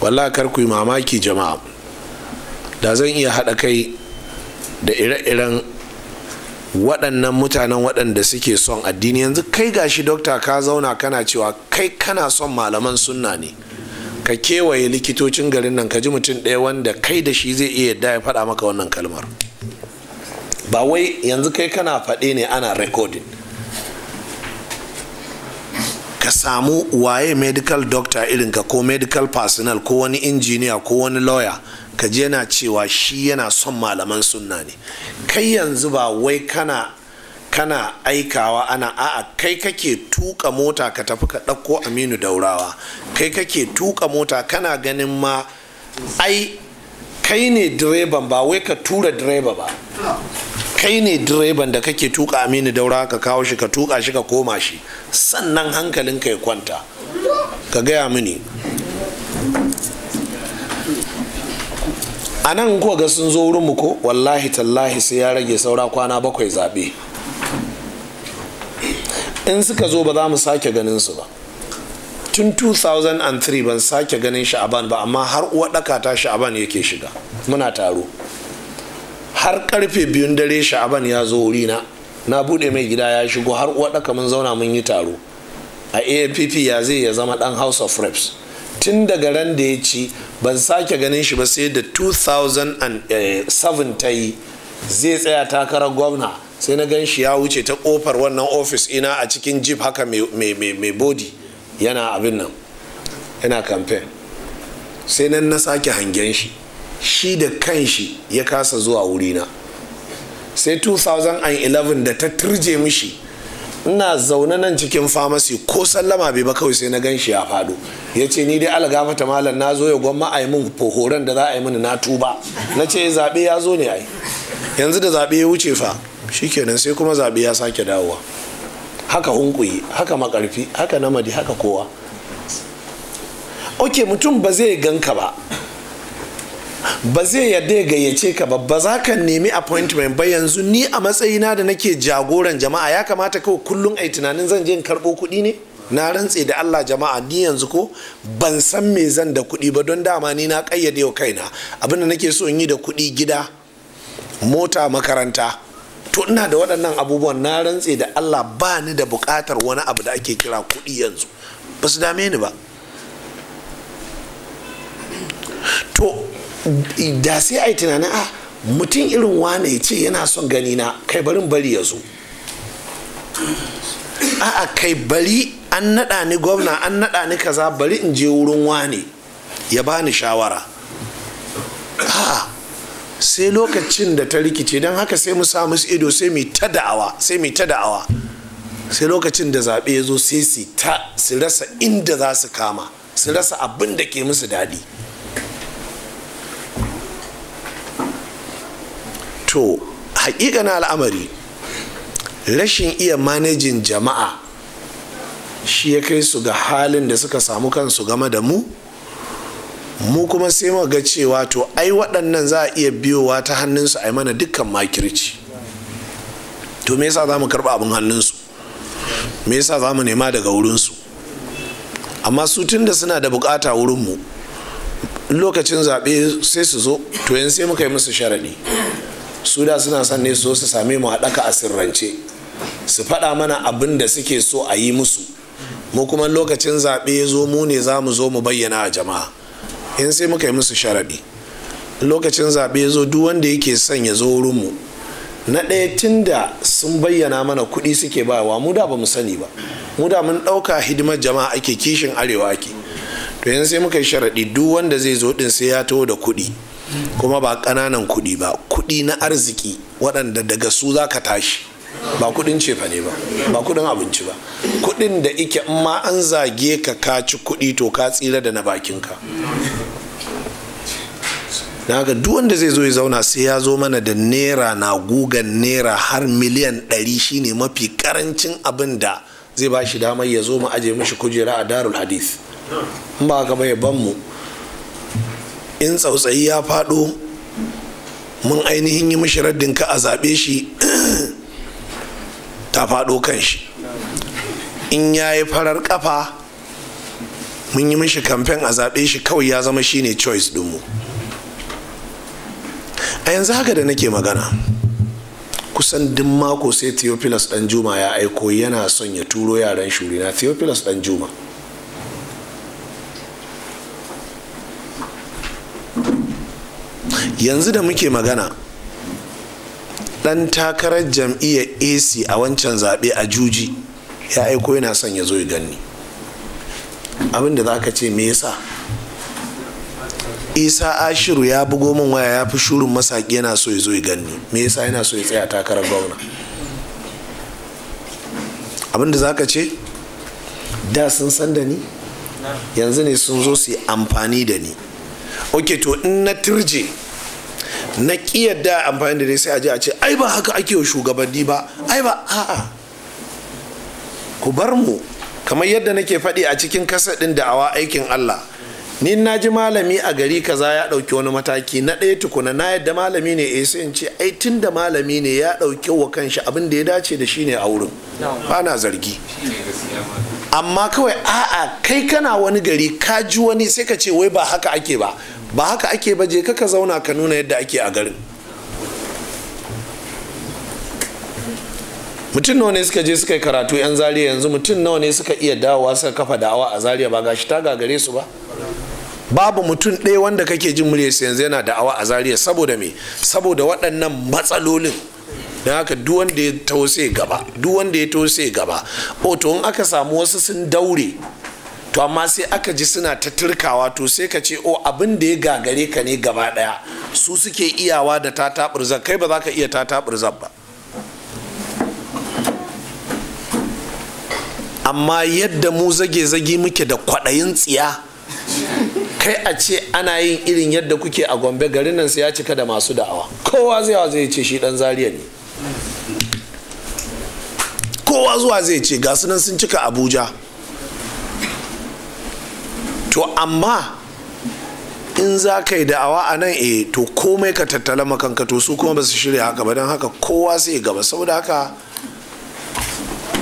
wallahi kar ku yi mamaki jama'a da zan iya haɗa kai da ire-iren waɗannan mutanen waɗanda suke son addini yanzu kai gashi dokta ka zauna kana cewa kai kana son malaman sunna ne ka kewaye likitocin garin nan ka ji mutum ɗaya wanda kai da shi zai iya yadda ya faɗa maka wannan kalmar ba wai yanzu kai kana faɗe ne ana recording ka samu waye medical doctor irinka ko medical personnel ko wani injiniya ko wani lawyer ka je yana cewa shi yana son malaman sunna ne kai yanzu ba wai kana kana aikawa ana a'a kai kake tuka mota ka tafi ka ɗauko aminu daurawa kai kake tuka mota kana ganin ma ai kai ne direban ba wai ka tura direba ba kai ne direban da kake tuka aminu daura ka kawo shi ka tuka shi ka koma shi sannan hankalin ka ya kwanta ka gaya mini anan nan kuwa ga sun zo wurin ko wallahi tallahi sai ya rage saura kwana bakwai zaɓe in suka zo ba za mu sake ganin su ba tun 2003 ban sake ganin sha'aban ba amma har uwa ɗaka ta sha'aban yake shiga muna taro har karfe biyun dare sha'aban ya zo wuri na na bude mai gida ya shigo har uwa ɗaka mun zauna mun yi taro a ampp ya zai ya zama ɗan house of reps tun daga ran da ya ci ban sake ganin shi ba sai da 2007 ta yi zai tsaya takarar gwamna sai na gan shi ya wuce ta kofar wannan ofis ina a cikin jeep haka mai bodi yana abin nan yana kamfen sai nan na sake hangen shi shi da kan shi ya kasa zuwa wurina sai 2011 da ta turje mishi ina zaune nan cikin famasi ko sallama bai ba kawai sai na gan shi ya faɗo ya ce ni dai alagafata malam na zo ya gwamma a yi min fohoran da za a yi mini na tuba na ce eh, zaɓe ya zo ne ai yanzu da zaɓe ya wuce fa shikenan sai kuma zaɓe ya sake dawowa haka hunkuyi haka makarfi haka namadi haka kowa ok mutum ba zai ganka ba ba zai yarda ya gayyace ka ba ba za ka nemi appointment ba yanzu ni a matsayina da nake jagoran jama'a ya kamata kawai kullum a yi tunanin zan je in karɓo kuɗi ne na rantse da Allah jama'a ni yanzu ko ban san me zan da kuɗi ba don dama ni na ƙayyade wa kaina abin da nake so in yi da kuɗi gida mota makaranta to ina da waɗannan abubuwan na rantse da Allah ba ni da buƙatar wani abu da ake kira kuɗi yanzu ba su dame ni ba to da sai a yi tunanin a ah, mutum irin wane ya ce yana son gani na kai barin bari ya zo a'a kai bari an naɗa ni gwamna an naɗa ni kaza bari in je wurin wane ya bani shawara a'a sai lokacin da ta rikice don haka sai mu sa musu ido sai mu ta da'awa sai ta lokacin da zaɓe ya zo sai su su rasa inda za su kama su rasa abin da ke musu daɗi to na al'amari rashin iya manajin jama'a shi ya kai su ga halin da suka samu kansu game da mu mu kuma sai mu ga cewa to ai waɗannan za a iya biyowa ta hannunsu a mana dukkan makirci to me yasa za mu karɓa abin hannunsu me yasa za mu nema daga wurinsu amma su tun da suna da bukata wurinmu lokacin zaɓe sai su zo to yan sai muka yi musu sharaɗi su da suna son ne so su same mu haɗaka a sirrance su faɗa mana abin da suke so a yi musu mu kuma lokacin zaɓe ya zo mu ne za mu zo mu bayyana a jama'a in sai muka yi musu sharaɗi lokacin zaɓe ya zo duk wanda yake son ya zo wurin mu na ɗaya tun da sun bayyana mana kuɗi suke bayawa mu da ba mu sani ba mu da mun ɗauka hidimar jama'a ake kishin arewa ake to yanzu sai muka yi sharaɗi duk wanda zai zo ɗin sai ya taho da kuɗi kuma ba ƙananan kuɗi ba kuɗi na arziki waɗanda daga su za ka tashi ba kuɗin cefa ne ba ba kuɗin abinci ba kuɗin da ike in ma an zage ka ka ci kuɗi to ka tsira da na bakinka na ga duk wanda zai zo ya zauna sai ya zo mana da naira na gugan naira har miliyan ɗari shine mafi karancin abin da zai ba shi damar ya zo mu aje mishi kujera a darul hadith in ba haka ba ya ban mu in tsautsayi ya faɗo mun ainihin yi mishi raddin ka a zaɓe shi [CLEARS THROAT] ta faɗo kan shi in ya yi farar kafa mun yi mishi kamfen a zaɓe shi kawai ya zama shine choice ɗinmu a yanzu haka da nake magana kusan duk mako sai theophilus ɗan juma ya aiko yana son ya turo yaran shuri na theophilus ɗan juma yanzu da muke magana dan takarar jam'iyyar ac a wancan zaɓe a juji ya aiko yana son ya zo ya ganni da za ka ce me yasa isa ashiru ya bugo min waya ya fi shurin masaki yana so ya zo ya ganni me yasa yana so ya tsaya takarar gwamna abin da za ka ce da sun san da ni yanzu ne sun zo su yi amfani da ni ok to in na turje na ki amfani da dai sai a je a ce ai ba haka ake shugabanni ba ai ba a'a ku bar mu kamar yadda nake faɗi a cikin kasadin awa aikin Allah ni na ji malami a gari kaza ya ɗauki wani mataki na ɗaya tukuna na yadda malami ne a eh, sai in ce ai tun da malami ne ya ɗauki wa kanshi abin da ya dace da shi ne a wurin ba na zargi amma kawai a'a kai kana wani gari ka ji wani sai ka ce wai ba haka ake ba ba haka ake ba kaka ka zauna ka nuna yadda ake a garin mutum nawa ne suka je suka yi karatu yan zariya yanzu mutum nawa ne suka iya dawowa suka kafa da'awa a zariya ba gashi ta gagare su ba babu mutum ɗaya wanda kake jin muryarsa yanzu yana da'awa a zariya saboda me saboda waɗannan matsalolin don haka duk ya tose gaba duk wanda ya tose gaba in aka samu wasu sun daure to amma sai aka ji suna ta turkawa to sai ka ce o oh, abin da ya gagare ka ne gaba daya su suke iyawa da ta zan kai ba za ka iya ta zan ba amma yadda mu zage-zage muke da kwaɗayin tsiya kai a ce ana yin irin yadda kuke a gombe garin nan sai ya cika da masu da'awa kowa zai zai ce shi dan zariya ne kowa zuwa zai ce ga nan sun cika abuja to amma in za ka yi da'awa a nan e to komai ka tattala makanka to su kuma ba su shirya haka ba don haka kowa sai gaba saboda haka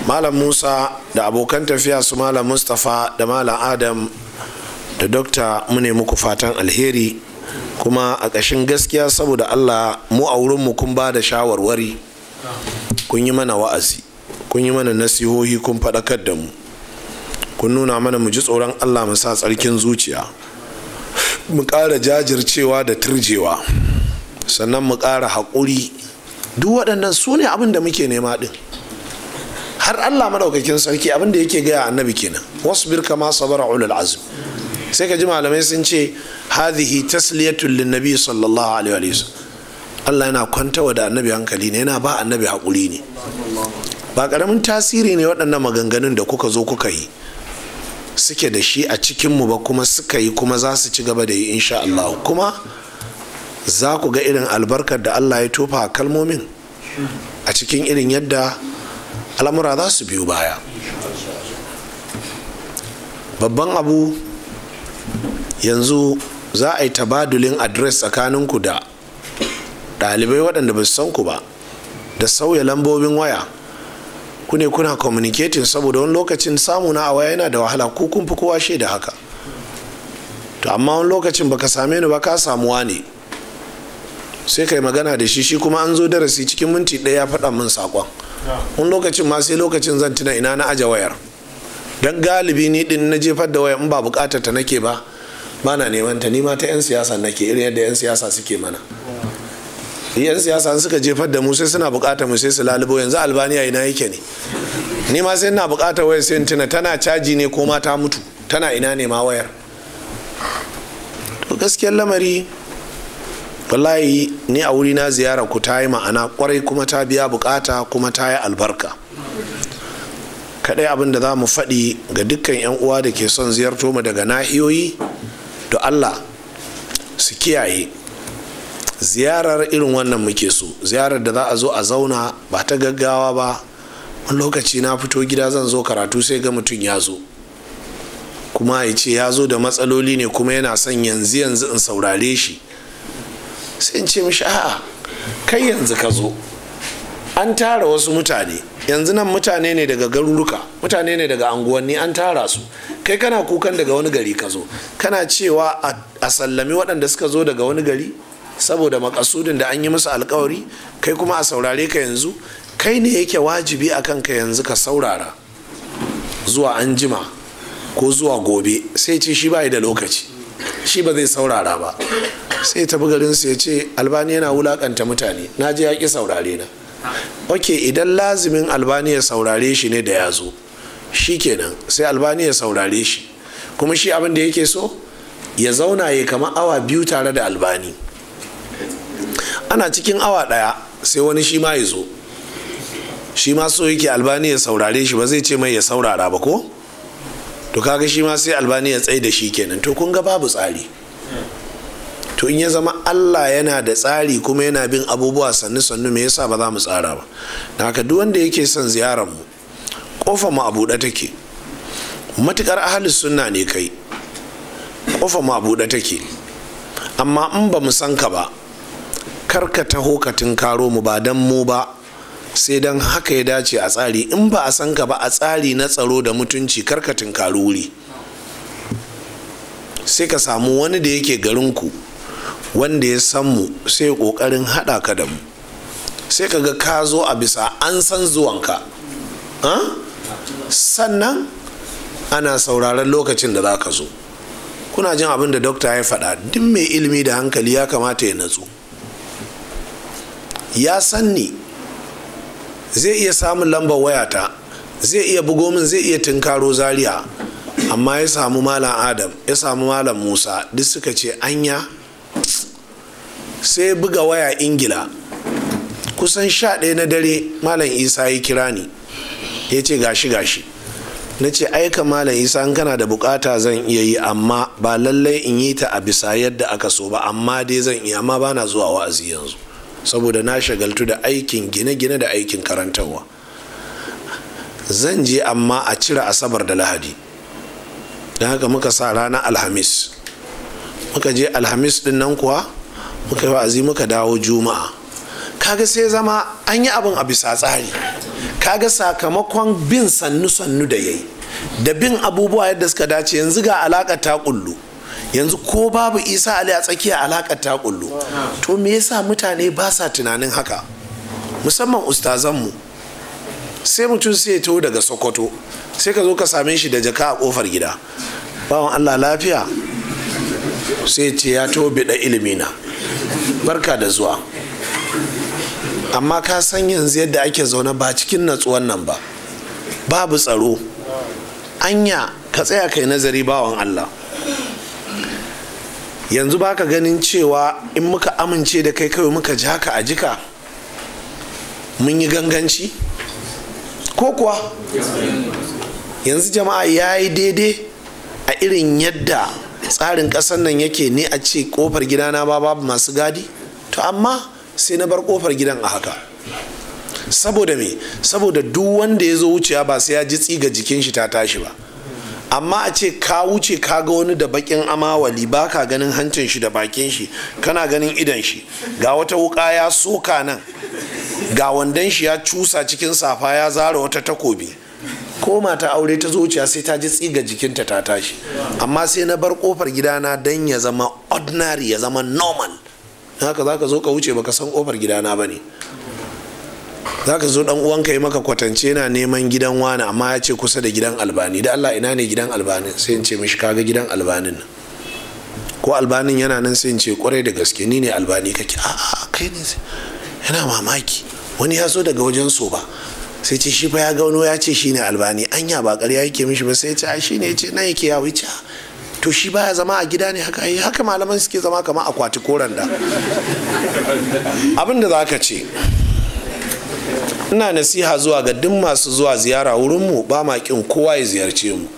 malam musa da abokan tafiya su malam mustapha da malam adam da dokta mu ne muku fatan alheri kuma a ƙashin gaskiya saboda allah mu a wurinmu kun ba da shawarwari kun yi mana wa'azi kun yi mana nasihohi kun faɗakar da mu kun nuna mana mu ji tsoron allah mu sa tsarkin zuciya mu ƙara jajircewa da turjewa sannan mu ƙara haƙuri duk waɗannan su ne abin da muke nema ɗin har allah maɗaukakin sarki abin da yake gaya annabi kenan wasbir kama sabara ulul azm sai ka ji malamai sun ce hadhihi tasliyatul linnabi sallallahu alaihi wa sallam allah yana kwantawa da annabi hankali ne yana ba annabi haƙuri ne ba ƙaramin tasiri ne waɗannan maganganun da kuka zo kuka yi suke da shi a cikinmu ba kuma suka yi kuma za su ci gaba da yi insha Allah kuma za ku ga irin albarkar da Allah ya tofa kalmomin a cikin irin yadda al'amura za su biyu baya babban abu yanzu za a yi tabadulin adres tsakaninku da ɗalibai waɗanda ba su san ku ba da sauya lambobin waya ku ne kuna communicating saboda wani lokacin samu na waya yana da wahala ku kun fi kowa shaida haka to amma wani lokacin baka same ni ba ka samuwa ne sai kai magana da shi shi kuma an zo darasi cikin minti ɗaya ya faɗa min sakon wani lokacin ma sai lokacin zan tuna ina na aje wayar dan galibi ni din na jefar da wayar in ba bukatar ta nake ba bana neman ta ni ma ta 'yan siyasa nake irin yadda 'yan siyasa suke mana yan siyasa suka jefar da mu sai suna bukata mu sai su lalubo yanzu albaniya ina yake ne ni ma sai ina bukata wayar sai tuna tana caji ne ko ma ta mutu tana ina ne ma wayar to gaskiyar lamari wallahi ni a wuri na ziyara ku ta yi ma'ana kwarai kuma ta biya bukata kuma ta yi albarka kadai abin da za mu faɗi ga dukkan 'yan uwa da ke son ziyarto mu daga nahiyoyi to allah su kiyaye ziyarar irin wannan muke so ziyarar da za a zo a zauna ba ta gaggawa ba wani lokaci na fito gida zan zo karatu sai ga mutum ya zo kuma ya ce ya zo da matsaloli ne kuma yana son yanzu yanzu in saurare shi sai in ce mishi a'a kai yanzu ka zo an tara wasu mutane yanzu nan mutane ne daga garuruka mutane ne daga anguwanni an tara su kai kana kukan daga wani gari ka zo kana cewa a sallami waɗanda suka zo daga wani gari saboda makasudin da an yi musu alkawari kai kuma a saurare ka yanzu kai ne yake wajibi a kanka yanzu ka saurara zuwa an jima ko zuwa gobe sai ce shi bai da lokaci shi ba zai saurara ba sai tafi garinsu ya ce albani yana wulakanta mutane na ji ya ƙi saurare na ok idan lazimin albani ya saurare shi ne da ya zo shi kenan sai albani ya saurare shi kuma shi abin da yake so ya zauna ya kama awa biyu tare da albani ana cikin awa ɗaya sai wani shi ma ya zo shi ma so yake albani ya saurare shi ba zai ce mai ya saurara ba ko to kaga shi ma sai albani ya tsaye da shi kenan to kun ga babu tsari to in ya zama allah yana da tsari kuma yana bin abubuwa sannu sannu me yasa ba za mu tsara ba na haka duk wanda yake son ziyarar mu kofa mu a buɗe take matukar ahli sunna ne kai kofa mu a buɗe take amma in ba mu san ka ba karka taho ka karo mu ba dan mu ba sai dan haka ya dace a tsari in ba a san ka ba a tsari na tsaro da mutunci karkatin karo wuri sai ka samu wani da yake ku wanda ya san mu sai kokarin haɗa ka da mu sai ka ga ka zo a bisa an san zuwanka sannan ana sauraron lokacin da za ka zo kuna jin abin da dokta ya faɗa duk mai ilimi da hankali ya kamata ya natsu ya san ni zai iya samun lambar wayata zai iya bugo min zai iya tinkaro zaria amma ya samu malam adam ya samu malam musa duk suka ce anya sai buga waya ingila kusan sha ɗaya na dare malam isa ya kira ni ya ce gashi gashi na ce aika malam isa in kana da bukata zan iya yi amma ba lallai in yi ta a bisa yadda aka so ba amma dai zan iya amma bana zuwa wa'azi yanzu saboda na shagaltu da aikin gine-gine da aikin karantarwa zan je amma a cire asabar da lahadi don haka muka sa ranar alhamis muka je alhamis din nan kuwa muka yi wa'azi muka dawo juma'a kaga sai zama an yi abin a bisa tsari kaga sakamakon bin sannu-sannu da yayi da bin abubuwa yadda suka dace yanzu ga alaka ta kullu yanzu ko babu isa ali a tsakiya alakar ta kullu to me yasa mutane ba sa tunanin haka musamman ustazanmu sai mutum sai to daga sokoto sai ka zo ka same shi da jaka a kofar gida bawan allah lafiya sai ce ya to biɗa na barka da zuwa amma ka san yanzu yadda ake zaune ba cikin natsuwan nan ba babu tsaro anya ka tsaya kai nazari bawan allah yanzu ba ka ganin cewa in muka amince da kai kawai muka ji haka a jika mun yi ganganci ko kuwa yanzu jama'a ya yi daidai a irin yadda tsarin ƙasar nan yake ne a ce kofar gidana ba babu masu gadi to amma sai na bar kofar gidan a haka saboda me saboda duk wanda ya zo wucewa ba sai ya ji tsiga jikin shi ta tashi ba amma a ce ka wuce ka ga wani da bakin amawali ba ka ganin hancin shi da bakin shi kana ganin idan shi ga wata wuka ya soka nan ga wandon shi ya cusa cikin safa ya zara wata takobi ko mata aure ta zuciya sai ta ji tsiga jikinta ta tashi amma sai na bar kofar gidana dan ya zama ordinary ya zama normal haka za ka zo ka wuce baka san kofar gidana ba ne za ka zo dan ka yi maka kwatance na neman gidan wani amma ya ce kusa da gidan albani da allah ina ne gidan albani sai in ce mishi kaga gidan albanin nan ko albanin yana nan sai in ce kwarai da gaske ni ne albani kake a a kai ne yana mamaki wani ya zo daga wajen so ba sai ce shi fa ya gano ya ce shi ne albani anya ba ƙarya yake mishi ba sai ya ce a shi ne ya ce nan yake ya wuce ah, to shi baya zama a gida ne haka yi haka malaman suke zama kamar akwati koran da abin da za ka ce ina nasiha zuwa ga duk masu zuwa ziyara wurinmu ba ma kin kowa ya ziyarce mu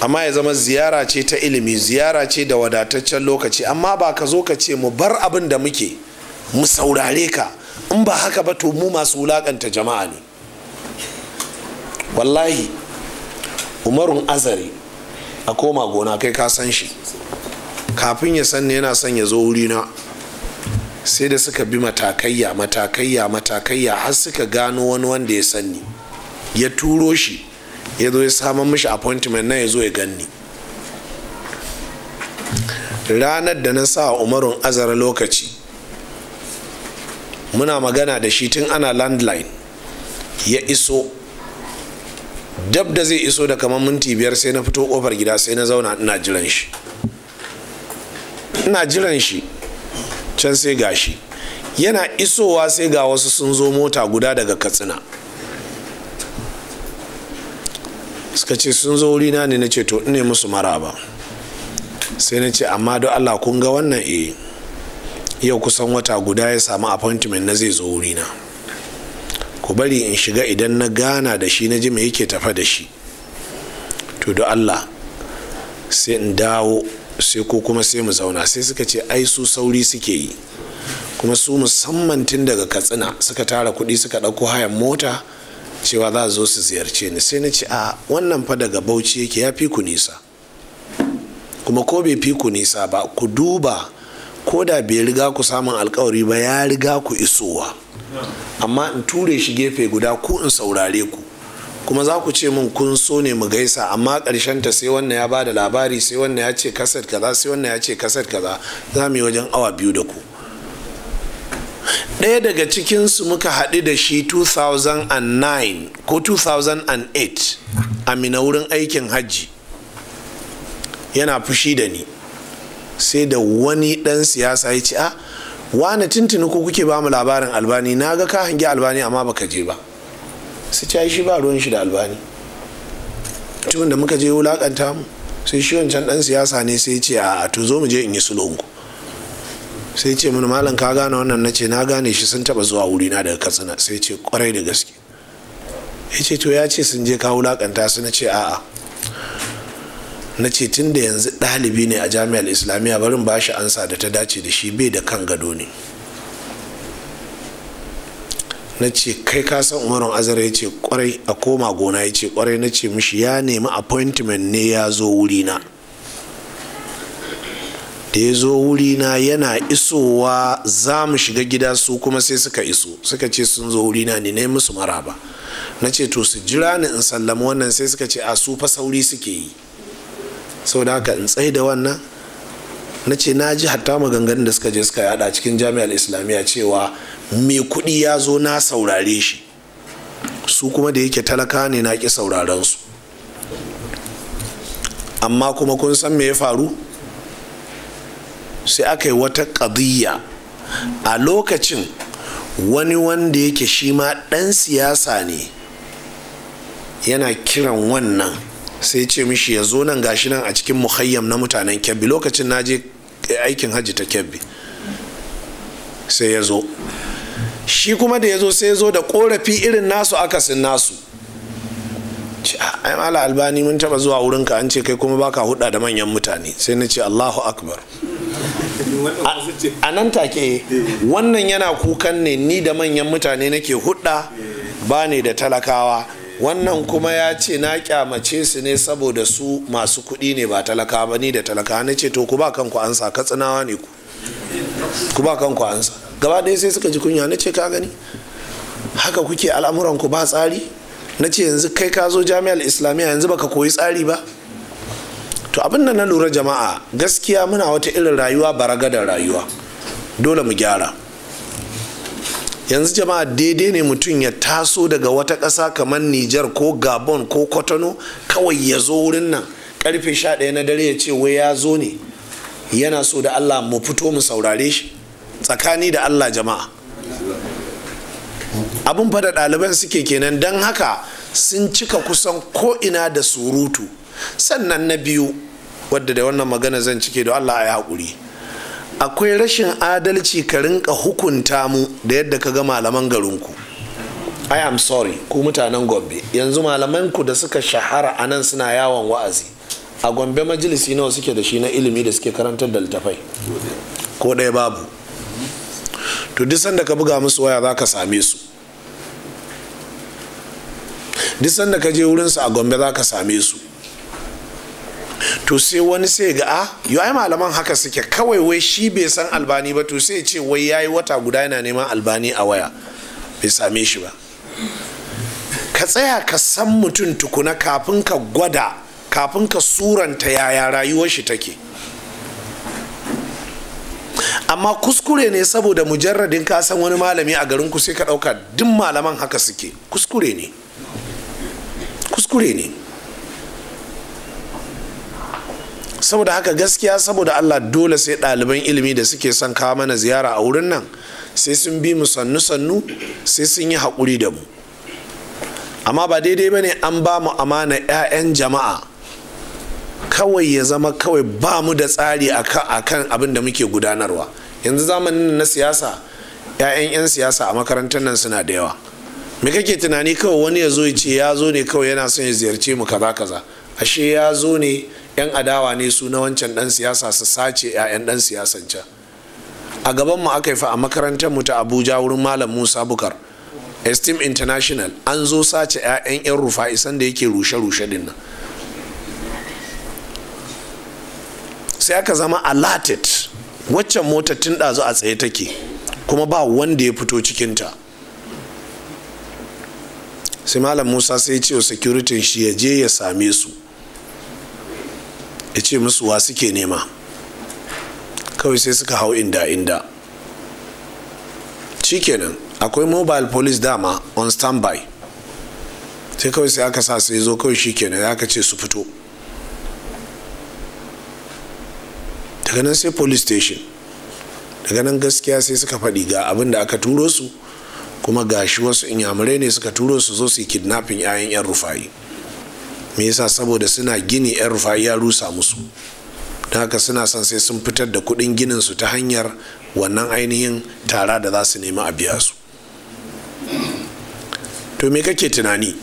amma ya zama ziyara ce ta ilimi ziyara ce da wadataccen lokaci amma ba ka zo ka ce mu bar abin da muke mu saurare ka in ba haka ba to mu masu wulakanta jama'a ne wallahi umarun azare a koma gona kai ka san shi kafin ya san ne yana son ya zo wurina sai da suka bi matakayya matakayya matakayya har suka gano wani wanda ya sani ya turo shi ya zo ya samun mishi appointment na ya zo ya ganni ranar da na sa umarun azara lokaci muna magana da shi tun ana landline ya iso dab da zai iso da kamar minti biyar sai na fito kofar gida sai na zauna ina jiran shi ina jiran shi can sai gashi yana isowa sai ga wasu sun zo mota guda daga katsina suka ce sun zo wurina ne na ce to ne musu maraba sai na ce amma don allah kun ga wannan eh yau kusan wata guda ya samu appointment na zai zo wurina ku bari in shiga idan na gana da shi na ji mai yake tafa da shi to da allah sai in dawo sai ko kuma sai mu zauna sai suka ce ai su sauri suke yi kuma su musamman tun daga katsina suka tara kuɗi suka ɗauko hayan mota cewa za zo su ziyarce ni sai na ce a wannan fa daga bauchi yake ya fi ku nisa kuma ko bai fi ku nisa ba ku duba ko da bai riga ku samun alkawari ba ya riga ku isowa amma in ture shi gefe guda ku in saurare ku kuma za ku ce min kun so ne mu gaisa amma ƙarshen ta sai wannan ya ba da labari sai wannan ya ce kasar kaza sai wannan ya ce kasar kaza za mu yi wajen awa biyu da ku ɗaya daga cikinsu muka haɗu da shi 2009 ko 2008 a mina wurin aikin hajji yana fushi da ni sai da wani ɗan siyasa ya ce a ah, wane tuntuni ko kuke ba mu labarin albani na ga ka hangi albani amma baka je ba su ci shi ba ruwan shi da albani tun da muka je wulakanta mu sai shi wancan dan siyasa ne sai ce a to zo mu je in yi sulhunku sai ce mun malam ka gane wannan na ce na gane shi sun taba zuwa wuri na daga katsina sai ce kwarai da gaske ya ce to ya ce sun je ka wulakanta su na ce a'a na ce tun da yanzu ɗalibi ne a jami'ar islamiyya barin bashi ansa da ta dace da shi bai da kan gado ne na ce kai ka san umarun azara ya ce kwarai a koma gona ya ce kwarai na ce mishi ya nemi appointment ne ya zo wurina da ya zo wurina yana isowa za mu shiga gida su kuma sai suka iso suka ce sun zo wurina ne na musu maraba na ce to su jira ni in sallama wannan sai suka ce a su fa sauri suke yi sau da haka in tsaye da wannan na ce na ji hatta maganganun da suka je suka yada cikin jami'ar islamiyya cewa mai kuɗi ya zo na saurare shi su kuma da yake talaka ne na ƙi sauraren su amma kuma kun san me ya faru sai aka yi wata ƙadiyya a lokacin wani wanda yake shi ma ɗan siyasa ne yana kiran wannan sai ce mishi ya zo nan gashi nan a cikin muhayyam na mutanen kebbi lokacin na je aikin hajji ta kebbi sai ya zo shi kuma da ya zo sai ya zo da korafi irin nasu akasin nasu ayyam ah, ala albani mun taba zuwa wurinka an ce kai kuma baka huda da manyan mutane sai na ce allahu akbar a nan take wannan yana kukan ne ni da manyan mutane nake hudda ba ne da talakawa wannan kuma ya ce na kyamace su ne saboda su masu kuɗi ne ba talakawa ba ni da talakawa na ce to ku ba kanku ansa katsinawa ne ku ku ba kanku ansa gaba ɗaya sai suka ji kunya na ce ka gani haka kuke al'amuran ku ba tsari na ce yanzu kai ka zo jami'ar islamiyya yanzu baka koyi tsari ba to abin nan na lura jama'a gaskiya muna wata irin rayuwa baragadar rayuwa dole mu gyara yanzu jama'a daidai ne mutum ya taso daga wata ƙasa kamar nijar ko gabon ko kwatano kawai ya zo wurin nan karfe 11 na dare ya ce wai ya zo ne yana so da allah mu fito mu saurare shi tsakani da allah jama'a abin fada ɗaliban suke kenan don haka sun cika kusan ko'ina da surutu sannan na biyu wadda da wannan magana zan cike da allah ya haƙuri akwai rashin adalci ka rinka hukunta mu da yadda ka ga malaman garinku i am sorry ku mutanen gombe yanzu malamanku da suka shahara a nan suna yawon wa'azi a gombe majalisi nawa suke da shi na ilimi da suke karantar da littafai ko ɗaya babu to duk sanda ka buga musu waya za ka same su duk sanda ka je wurin su a gombe za ka same su to sai wani sai ga a ah, yi ai malaman haka suke kawai wai shi bai san albani ba to sai ce wai ya yi wata guda yana neman albani a waya bai same shi ba ka tsaya ka san mutum tukuna kafin ka gwada kafin ka suranta yaya rayuwar shi take amma kuskure ne saboda mujarradin ka san wani malami a garin ku sai ka ɗauka duk malaman haka suke kuskure ne kuskure ne saboda haka gaskiya saboda allah dole sai ɗaliban ilimi da suke son kawo mana ziyara a wurin nan sai sun bi mu sannu-sannu sai sun yi haƙuri da mu amma ba daidai ba ne an ba mu amana 'ya'yan jama'a kawai ya zama kawai ba mu da tsari a kan abin da muke gudanarwa yanzu zamanin na siyasa 'ya'yan 'yan siyasa a makarantar nan suna da yawa me kake tunani kawai wani ya zo ya ce ya zo ne kawai yana son ya ziyarci mu kaza kaza ashe ya zo ne 'yan adawa ne su na wancan dan siyasa su sace 'ya'yan dan siyasan can a gaban mu aka yi fa a makarantar mu ta abuja wurin malam musa bukar esteem international an zo sace 'ya'yan 'yan rufa'i sanda yake rushe-rushe din sai aka zama alerted waccan mota tun ɗazu a tsaye take kuma ba wanda ya fito cikinta sai malam musa sai ya ce wa security shi ya je ya same su ya ce musu wa suke nema kawai sai suka hau inda inda shikenan akwai mobile police dama on standby sai kawai sai aka sa sai zo kawai shikenan ka ce su fito daga nan sai police station daga nan gaskiya sai suka faɗi ga abin da aka turo su kuma gashi wasu inyamurai ne suka turo su zo su yi kidnapping 'ya'yan 'yan rufa'i me yasa saboda suna gini 'yan rufa'i ya rusa musu don haka suna son sai sun fitar da kuɗin ginin su ta hanyar wannan ainihin tara da za su nemi a biya su to me kake tunani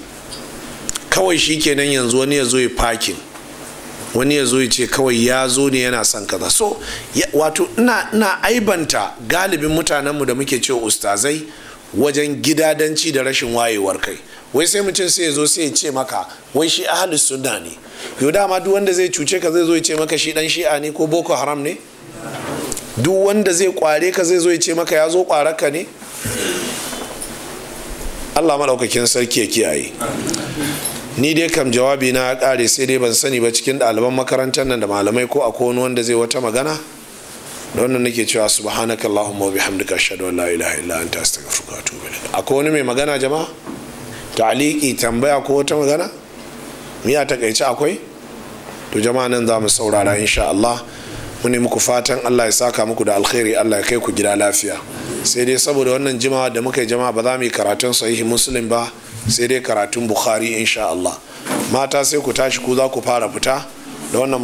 kawai shi kenan yanzu wani ya zo ya fakin wani ya zo ya ce kawai ya zo ne yana son kaza so wato ina aibanta galibin mutanenmu da muke ce ustazai wajen gidadanci da rashin wayewar kai wai sai mutum sai ya zo sai ya ce maka wai shi ahalus sunna ne yau dama duk wanda zai cuce ka zai zo ya ce maka shi dan shi'a ne ko boko haram ne duk wanda zai kware ka zai zo ya ce maka ya zo kwararka ne Allah maɗaukakin sarki ya kiyaye ni dai kam jawabi na kare sai dai ban sani ba cikin ɗaliban makarantar nan da malamai ko akwai wani wanda zai wata magana da wannan nake cewa subhanaka allahumma wa bihamdika ashhadu an la ilaha illa anta astaghfiruka wa atubu ilaik akwai wani mai magana jama'a Aliki tambaya ko wata magana miya takaice akwai to jama'a nan za mu saurara insha Allah ne muku fatan Allah ya saka muku da alkhairi Allah ya kai ku gida lafiya sai dai saboda wannan jimawa da muka yi jama'a ba za mu yi karatun sahihi muslim ba sai dai karatun bukhari insha Allah mata sai ku tashi ku za ku fara fita da wannan